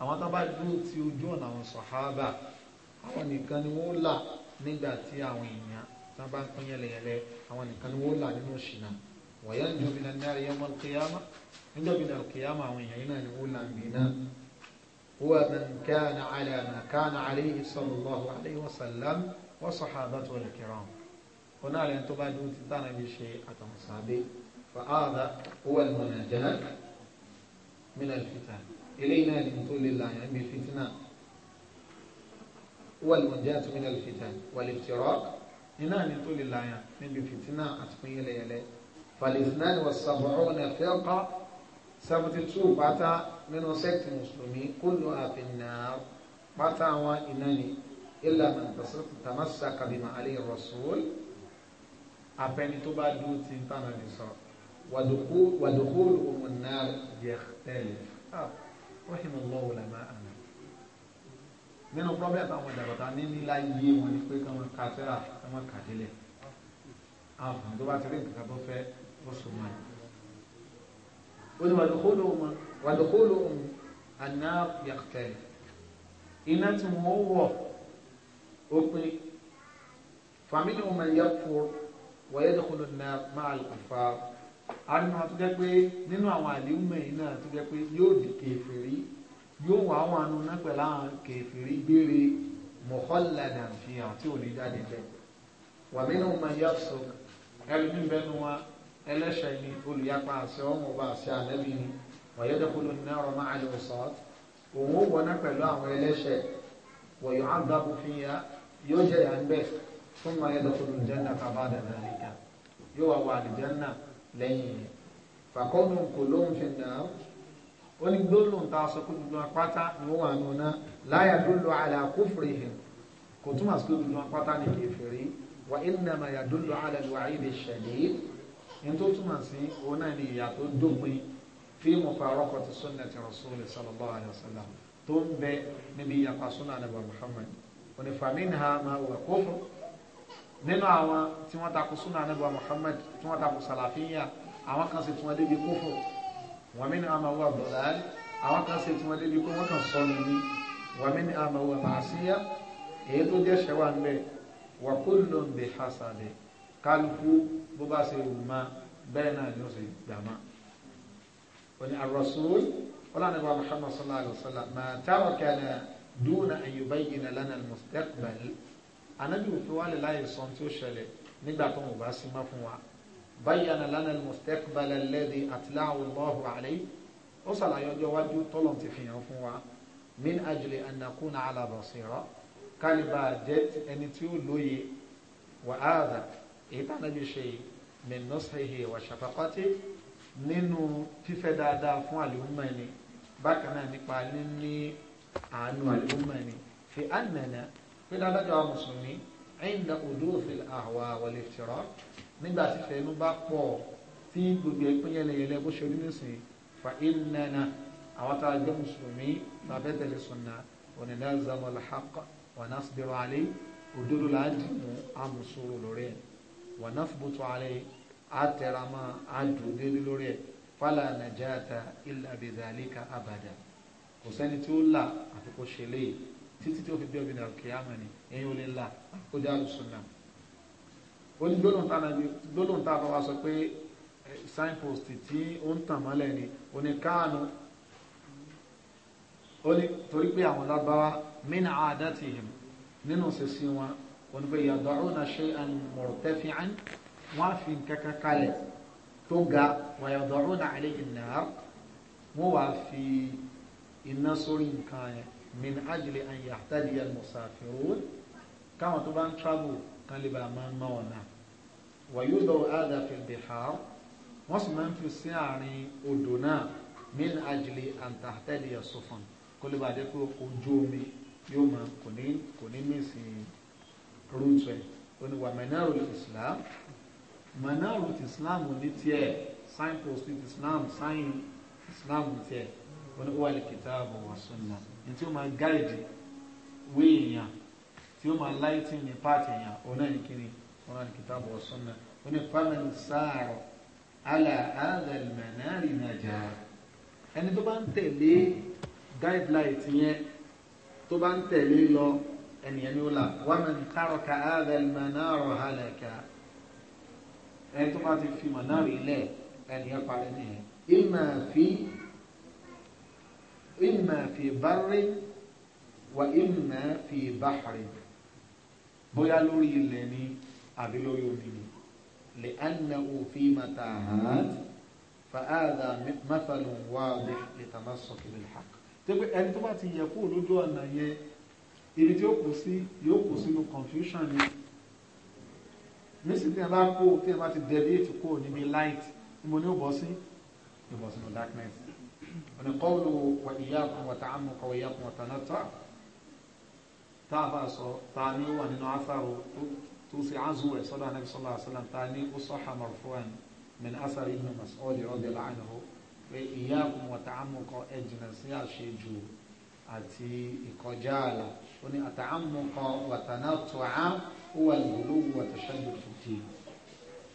àwọn tán bá dúró ti ojú ọ̀nà àwọn sàhábà àwọn nìkan ni wọ́n là nígbà tí àwọn èèyàn tán bá ń pín yẹlẹyẹlẹ àwọn nìkan ni wọ́n là nínú ṣìnà وينجو من النار يوم القيامة عند من القيامة وين نقول بنا هو من كان على ما كان عليه صلى الله عليه وسلم وصحابته الكرام هنا لأن تبادوا تتانا بشيء أتمصابي فهذا هو المناجاة من الفتن إلينا لنطول الله يعني الفتنة هو المناجاة من الفتن والافتراق إنا لنطول الله يعني من الفتنة لي لي فالاثنان والسبعون فرقة 72 باتا من سكت المسلمين كلها في النار باتا وإنني إلا من تصرف تمسك بما عليه الرسول أبني تبا دوتي تانا نصر ودخول ودخولهم النار يختلف رحم الله علماءنا أنا. من àwọn ìdàgbàta ní nílá yé wọn ni pé kí wọ́n كاتلة. fẹ́ra kí wọ́n kà délẹ̀ mùsùlùmí ó ní wàdókòló ohun àná yàtẹ̀lẹ̀ iná tí wọ́n wọ̀ ó pé fàmílì wọn máa yẹ kó wàyẹ́dọ̀kòló náà máa lọ́fà àrùn àwọn tó jẹ́ pé nínú àwọn àdéhùn ẹ̀yìn náà tó jẹ́ pé yóò di kèfèrí yóò wá àwọn àánú náà pẹ̀lú àwọn kèfèrí gbére mọ̀kànlá fi hàn tí ò ní jáde bẹ́ẹ̀ wàmínú máa yẹ sọ ẹ̀rí níbẹ̀ nu wa ẹlẹ́ṣẹ̀ ni olùyapa àṣẹ ọmọ ọba àṣẹ àlẹ́bí ni wàyẹ́dẹ́kùlù náà ọmọ àlẹ́ ọ̀sán òun ó wọná pẹ̀lú àwọn ẹlẹ́ṣẹ̀ wọ̀yọ̀ àgbàbù fi ya yóò jẹ́ ìyá ń bẹ̀ fún wàyẹ́dẹ́kùlù jẹ́nà kaba dàdà nìkà yóò wà wà àlìjẹ́nà lẹ́yìn yẹn fàkọ́nù kò ló ń fi nà án ó ní gbólóhùn tá a sọ pé gbogbo apáta ni ó wà nù láyà dúró àlẹ́ àkófòrè hàn kò túmọ̀ sí gbogbo apáta ni kì í fèrè wà ìnàmà yà dúró àlẹ́ wàá ní tó túmọ̀ sí òun náà ni ìyà tó dópin fi mufaraqati sunnati rasulillah sallallahu alayhi wa sallam tó ń bẹ níbi ìyapa sunna ànábì muhammad onífàmínà máa wà kófò nínú àwọn tí wọ́n takò sunna ànábì muhammad tí wọ́n takò sàlàfíyà àwọn kan sì tí wọ́n débi kófò wọ́n mí ní àmà wà bọ̀dá àwọn kan sì tí wọ́n débi kó wọ́n kàn sọnù ní wọ́n mí ní àmà wà màásíyà èyí tó jẹ́ ṣẹ́wà ń bẹ̀ wà kullun bihasabihi kálukú bó bá ṣe wù má bẹ́ẹ̀ náà ni ó ṣe gbàmá òní ar-rasul ọlọ́nàbà muhammad sallallahu alayhi wa sallam ma tarakana duna an yubayyina lana al-mustaqbal anabi òfin wà láyé sọ tí ó ṣẹlẹ̀ nígbà tó wọ́n bá sí má fún wa bayyana lana al-mustaqbal alladhi atla'ahu Allahu alayhi ó ṣàlàyé ọjọ́ wájú tọ́lọ̀ ti fi hàn fún wa min ajli an nakuna ala basira ẹni tí ó lóye wàhálà èyí tá ànábì ṣe min nasihi wa shafaqati nínú fífẹ́ dáadáa fún àlùmọ́ ẹni bákan náà nípa níní àánú àlùmọ́ ẹni fi annana pé dáadájọ́ àwọn mùsùlùmí inda udufi al-ahwa wal-iftirat nígbà tí fẹ́nu bá pọ̀ tí gbogbo ẹ̀pín yẹlẹyẹlẹ bó ṣe rí nísìnyí fa innana àwọn tá a jẹ́ mùsùlùmí tàbí tẹ̀lé sunna wa nalzamu al-haqq wa nasbiru alayhi òdodo làá dì mú àmùsùrù lórí ẹ̀ wọnáfùbùtù ààrẹ àtẹramọ́ àdúgbélé lórí ẹ̀ fálà nàjàtà ìlàbìdàlíkà àbàdà kò sẹ́ni tí ó là àfi kó ṣe léyìí títí tí ó fi bí ọbẹ̀ náà kì í àmọ́ ni ẹ̀yin ò lè là kó jẹ́ àlùsùnà ó ní gbólóhùn bá wa sọ pé signpost tí ó ń tàn mọ́lẹ̀ ni ó ní káànù ó ní torí pé àwọn lábáwá mí ní àádá tìhìm nínú ṣe sí wọn wọn pé yad'una shay'an murtafi'an wọn á fi kankan kalẹ̀ tó ga wa yad'una alayhi an-nar wọn wàá fi iná sórí nǹkan yẹn min ajli an yahtadiya al-musafirun káwọn tó bá ń travel kan lè bá máa ń ná ọ̀nà wa yudau hadha fi al-bihar wọ́n sì máa ń fi sí àárín odò náà min ajli an tahtadiya sufun kó lè bàjẹ́ pé ojú omi yóò máa kò ní kò ní mí sí i root rẹ̀ wa ní islam mẹ́nàrò islam ní tiẹ̀ sign post ní islam sign islam ní tiẹ̀ ó ní wà wa sunna ní tí ó máa gáìdì wé èèyàn tí ó máa láìtì ní pààtì èèyàn ó náà ní kíni ó wa sunna ó faman fámẹ́lì sáàrọ̀ alà àdàlì mẹ́nàrì nàjà ẹni tó bá ń tẹ̀lé guideline yẹn tó bá ń tẹ̀lé lọ. أن يميل ومن ترك هذا المنار هلك أي يعني تقاتل في منار الله أن يقع لديه إما في إما في بر وإما في بحر بويا لوري الليني أبلو يوميني لأنه في متاهات فهذا مثل واضح لتمسك بالحق تبقى أنتم يقولوا جوانا يه ibi tí ó kù sí yóò kù sínú confusion ni nísìnyí tí a bá kó tí a bá ti deviate kó níbi light níbo ni ó bọ́ sí ìbọ̀ sínú darkness ọ̀nà kọ́ọ̀lù wà ìyáàkùn wà tààmù kọ̀ wà ìyáàkùn wà tànátà tá a bá sọ ta ni ó wà nínú asaru tó sì azu ẹ̀ sọ́dọ̀ anabi sallallahu alaihi wasallam ta ni ó sọ hamar fuwan min asar ibn mas'ud radiyallahu anhu pé ìyáàkùn wà tààmù kọ̀ ẹ̀ jìnnà sí àṣejù àti ìkọjá àlà ó ní àtàámùkọ wàtánátùá ó wà lòlówó àtàṣájú fìdí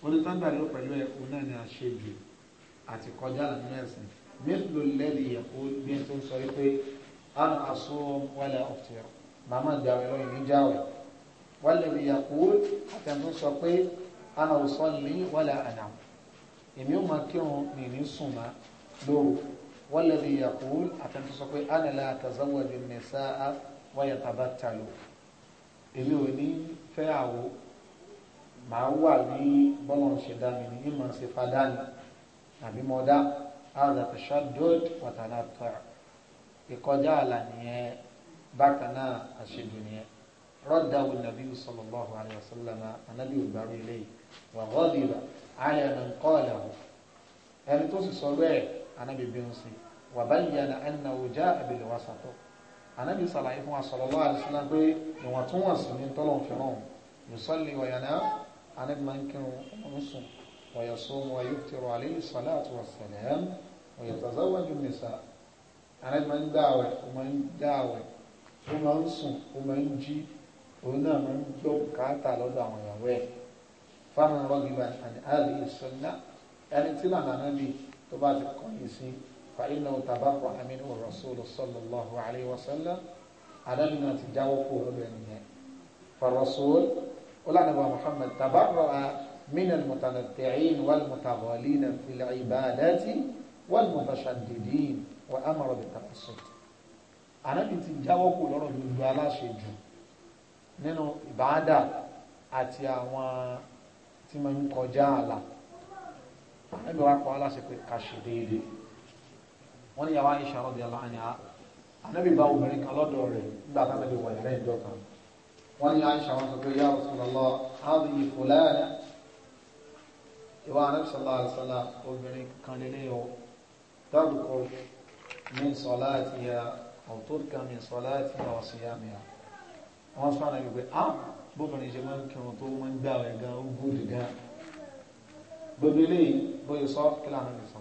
onítàǹdà ló pẹ̀lú ẹ̀ òun náà ni àṣejù àti kọjá nínú ẹ̀sìn mẹ́tò lẹ́lì ẹ̀kọ́ bí ẹ tó ń sọ wípé án aṣọ wálé ọ̀tẹ̀ màmá jáwé lọ́yìn ní jáwé wálé ìyàkó àtẹ̀tún sọ pé án aṣọ lè wálé àná èmi ò máa kírun mi ní sùn má lóru wálé ìyàkó àtẹ̀tún sọ pé án lè àtàzáwọ̀ lè nìṣá ويتبتلوا إلي وني فاعو ما هو لي بلون شدامين إما سفادان نبي مودا هذا تشدد وتنطع يقول جعلني بكنا الشدنية رد النبي صلى الله عليه وسلم النبي الباري لي وغضب على من قاله هل توسي صلوه أنا ببنسي وبين أنه جاء بالوسط anabi sàlàyé fún wa sallallahu alaihi wasallam pé ìwọ̀ntúnwọ̀nsì ní tọ́lọ̀n fẹ́ràn yusalli wa yanam anabi máa ń kírun ọmọ sùn wa yasumu wa yuftiru alayhi salatu wassalam wa yatazawwaju nisa anabi máa ń dáwẹ̀ ó máa ń dáwẹ̀ ó máa ń sùn ó máa ń jí òun náà máa ń gbọ́ bùkátà lọ́dọ̀ àwọn ìyàwó ẹ̀ fáwọn فإنه تبرأ منه الرسول صلى الله عليه وسلم على أن تجاوبه بأنه فالرسول قال نبي محمد تبرأ من المتنطعين والمتغالين في العبادات والمتشددين وأمر بالتقصد أنا بنت جاوبه لرو لولا شجو nínú ìbáadà àti àwọn tí ma ń kọjá àlà ẹgbẹ̀rún apọ̀ aláṣẹ wọ́n ní yàrá Aisha radiyallahu anha anábì bá obìnrin kan lọ́dọ̀ rẹ̀ nígbà tá àbẹ̀lẹ̀ wà yàrá ìjọ kan wọ́n ní Aisha wọn sọ pé ya Rasulullah hadhihi fulana ìwà anábì sallallahu alaihi wasallam obìnrin kan lélẹ̀ o tadhku min salatiha aw turka min salatiha wa siyamiha wọ́n sọ àná wípé ah bóbìnrin ṣe máa ń kírun tó máa ń gbà ẹ̀ gan ó gbòdì gan gbogbo eléyìí bóyá sọ kí lànà ìsọ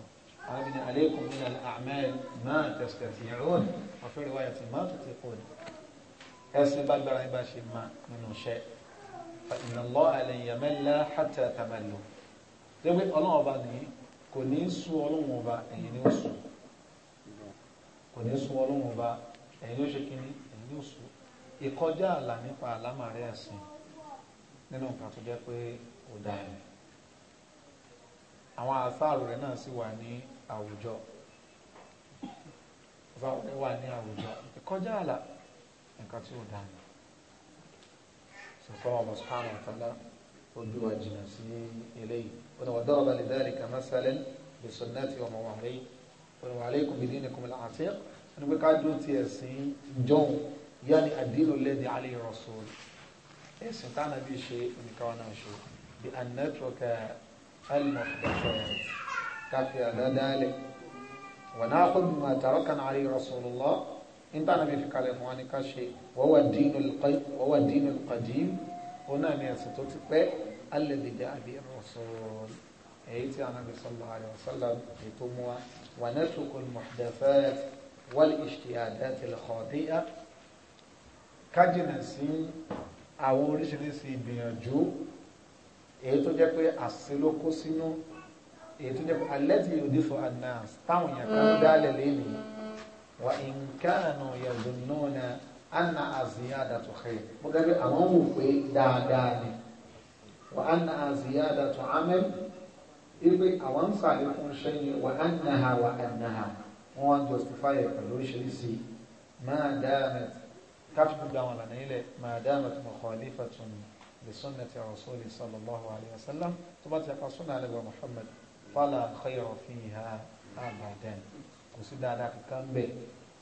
عامل عليكم من الأعمال ما تستطيعون وفي رواية ما تطيقون ẹsìn bá gbára yín bá ṣe máa nínú iṣẹ́ inna Allaha lan yamalla hatta tamallu dégbé ọlọ́run ọba nìyí kò ní í sún ọlọ́run ọba ẹ̀yìn ní oṣù kò ní sún ọlọ́run ọba ẹ̀yìn oṣù kínní ẹ̀yìn oṣù ìkọjá àlà nípa àlámàrẹ́ ẹ̀sìn nínú nǹkan tó jẹ́ pé kò dáa àwọn àṣàrò rẹ̀ náà sì wà ní àwùjọ báwọn wà ní àwùjọ ìkọjá àlà nǹkan tí ó dáná sọ̀tọ́ ọmọ sùpánù ọ̀tọ́lá ojú wa jìnnà sí eléyìí wọn wà dọ́ọ̀bà lè dáàlì kà má sálẹ̀ lè sọ náà ti ọmọ wọn léyìí wọn wà alaykum bí dínì kùmìlà àti wọn gbé ká ti ẹ̀sìn jọ̀hún yá ni àdínú lẹ́dí alẹ́ rasul ẹ̀sìn táwọn àbí ṣe nǹkan náà ṣe bí anẹ́tọ̀kẹ́ alimọ̀fẹ́ káfí àdádálẹ̀ wọ̀n náà kó bímọ àtàrọ́ kan àrí rasulullah níta náà fi kalẹ̀ fún wa ní ká ṣe wọ́wà dínú qadim òun náà ní ẹ̀sìn tó ti pẹ́ alladhi ja'a bihi rasul èyí tí Ànábì sallallahu alaihi wasallam ètò mú wa wà náà wal ijtihadat al khati'a kájìnà àwọn oríṣiríṣi ìgbìyànjú èyí tó jẹ́ pé àṣìlókó sínú èyí tó jẹ́ alẹ́tì yòdì fún anas táwọn èèyàn kan mm. dálẹ̀ lẹ́nu wà nǹkan yàdùnnúnà anna aziyadatu khair mo gẹ́gẹ́ àwọn wò pé dáadáa ni wà anna aziyadatu amẹ́ ibi àwọn ń sàlẹ̀ fún sẹ́yìn wà annaha wà annaha wọ́n wá ń pẹ̀lú oríṣiríṣi máa dáadáa káfíńtì gbà wọn lànà ilẹ̀ máa dáadáa mukhalifatun li sunnati rasuli sallallahu alayhi wa sallam tó bá ti yàpa sunna alẹ́ wa muhammad فلا خير فيها أبدا آه، وسيدا ذاك كم بي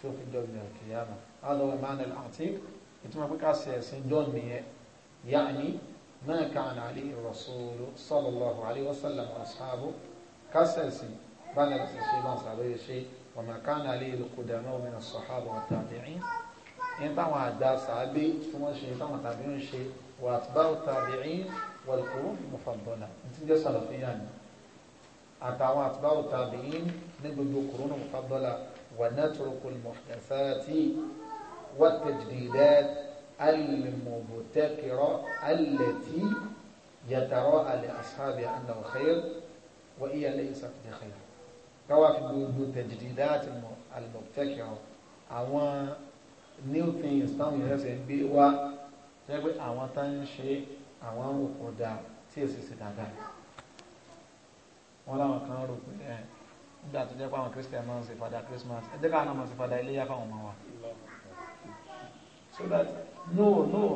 تو في دوم القيامة هذا هو معنى الأعتيق إنتما بكاسي سنجون مية يعني ما كان عليه الرسول صلى الله عليه وسلم وأصحابه كاسي بنا سي بان سابي شيء وما كان عليه القدماء من الصحابة والتابعين إن طبعا داس أبي ثم شيء طبعا تابعين شيء وأتباع التابعين والقرون المفضلة أنت جالس على àtàwọn atba'u tabi'in ní gbogbo kòrónà mufaddala wa natruku al-muhdathati wat-tajdidat al-mubtakira allati yatara'a li ashabiha annahu khair wa hiya laysat bi khair káwá fi gbogbo tajdidat al-mubtakira àwọn new things táwọn yẹn ṣe ń gbé wá jẹ́ pé àwọn tá ń ṣe àwọn òkúta tí èsì sì dáadáa wọn láwọn kan rò pé ẹ nígbà tó jẹ́ pé àwọn christian máa ń ṣe fada christmas ẹ jẹ́ káwọn náà máa ṣe fada iléyá fáwọn ọmọ wa so that no no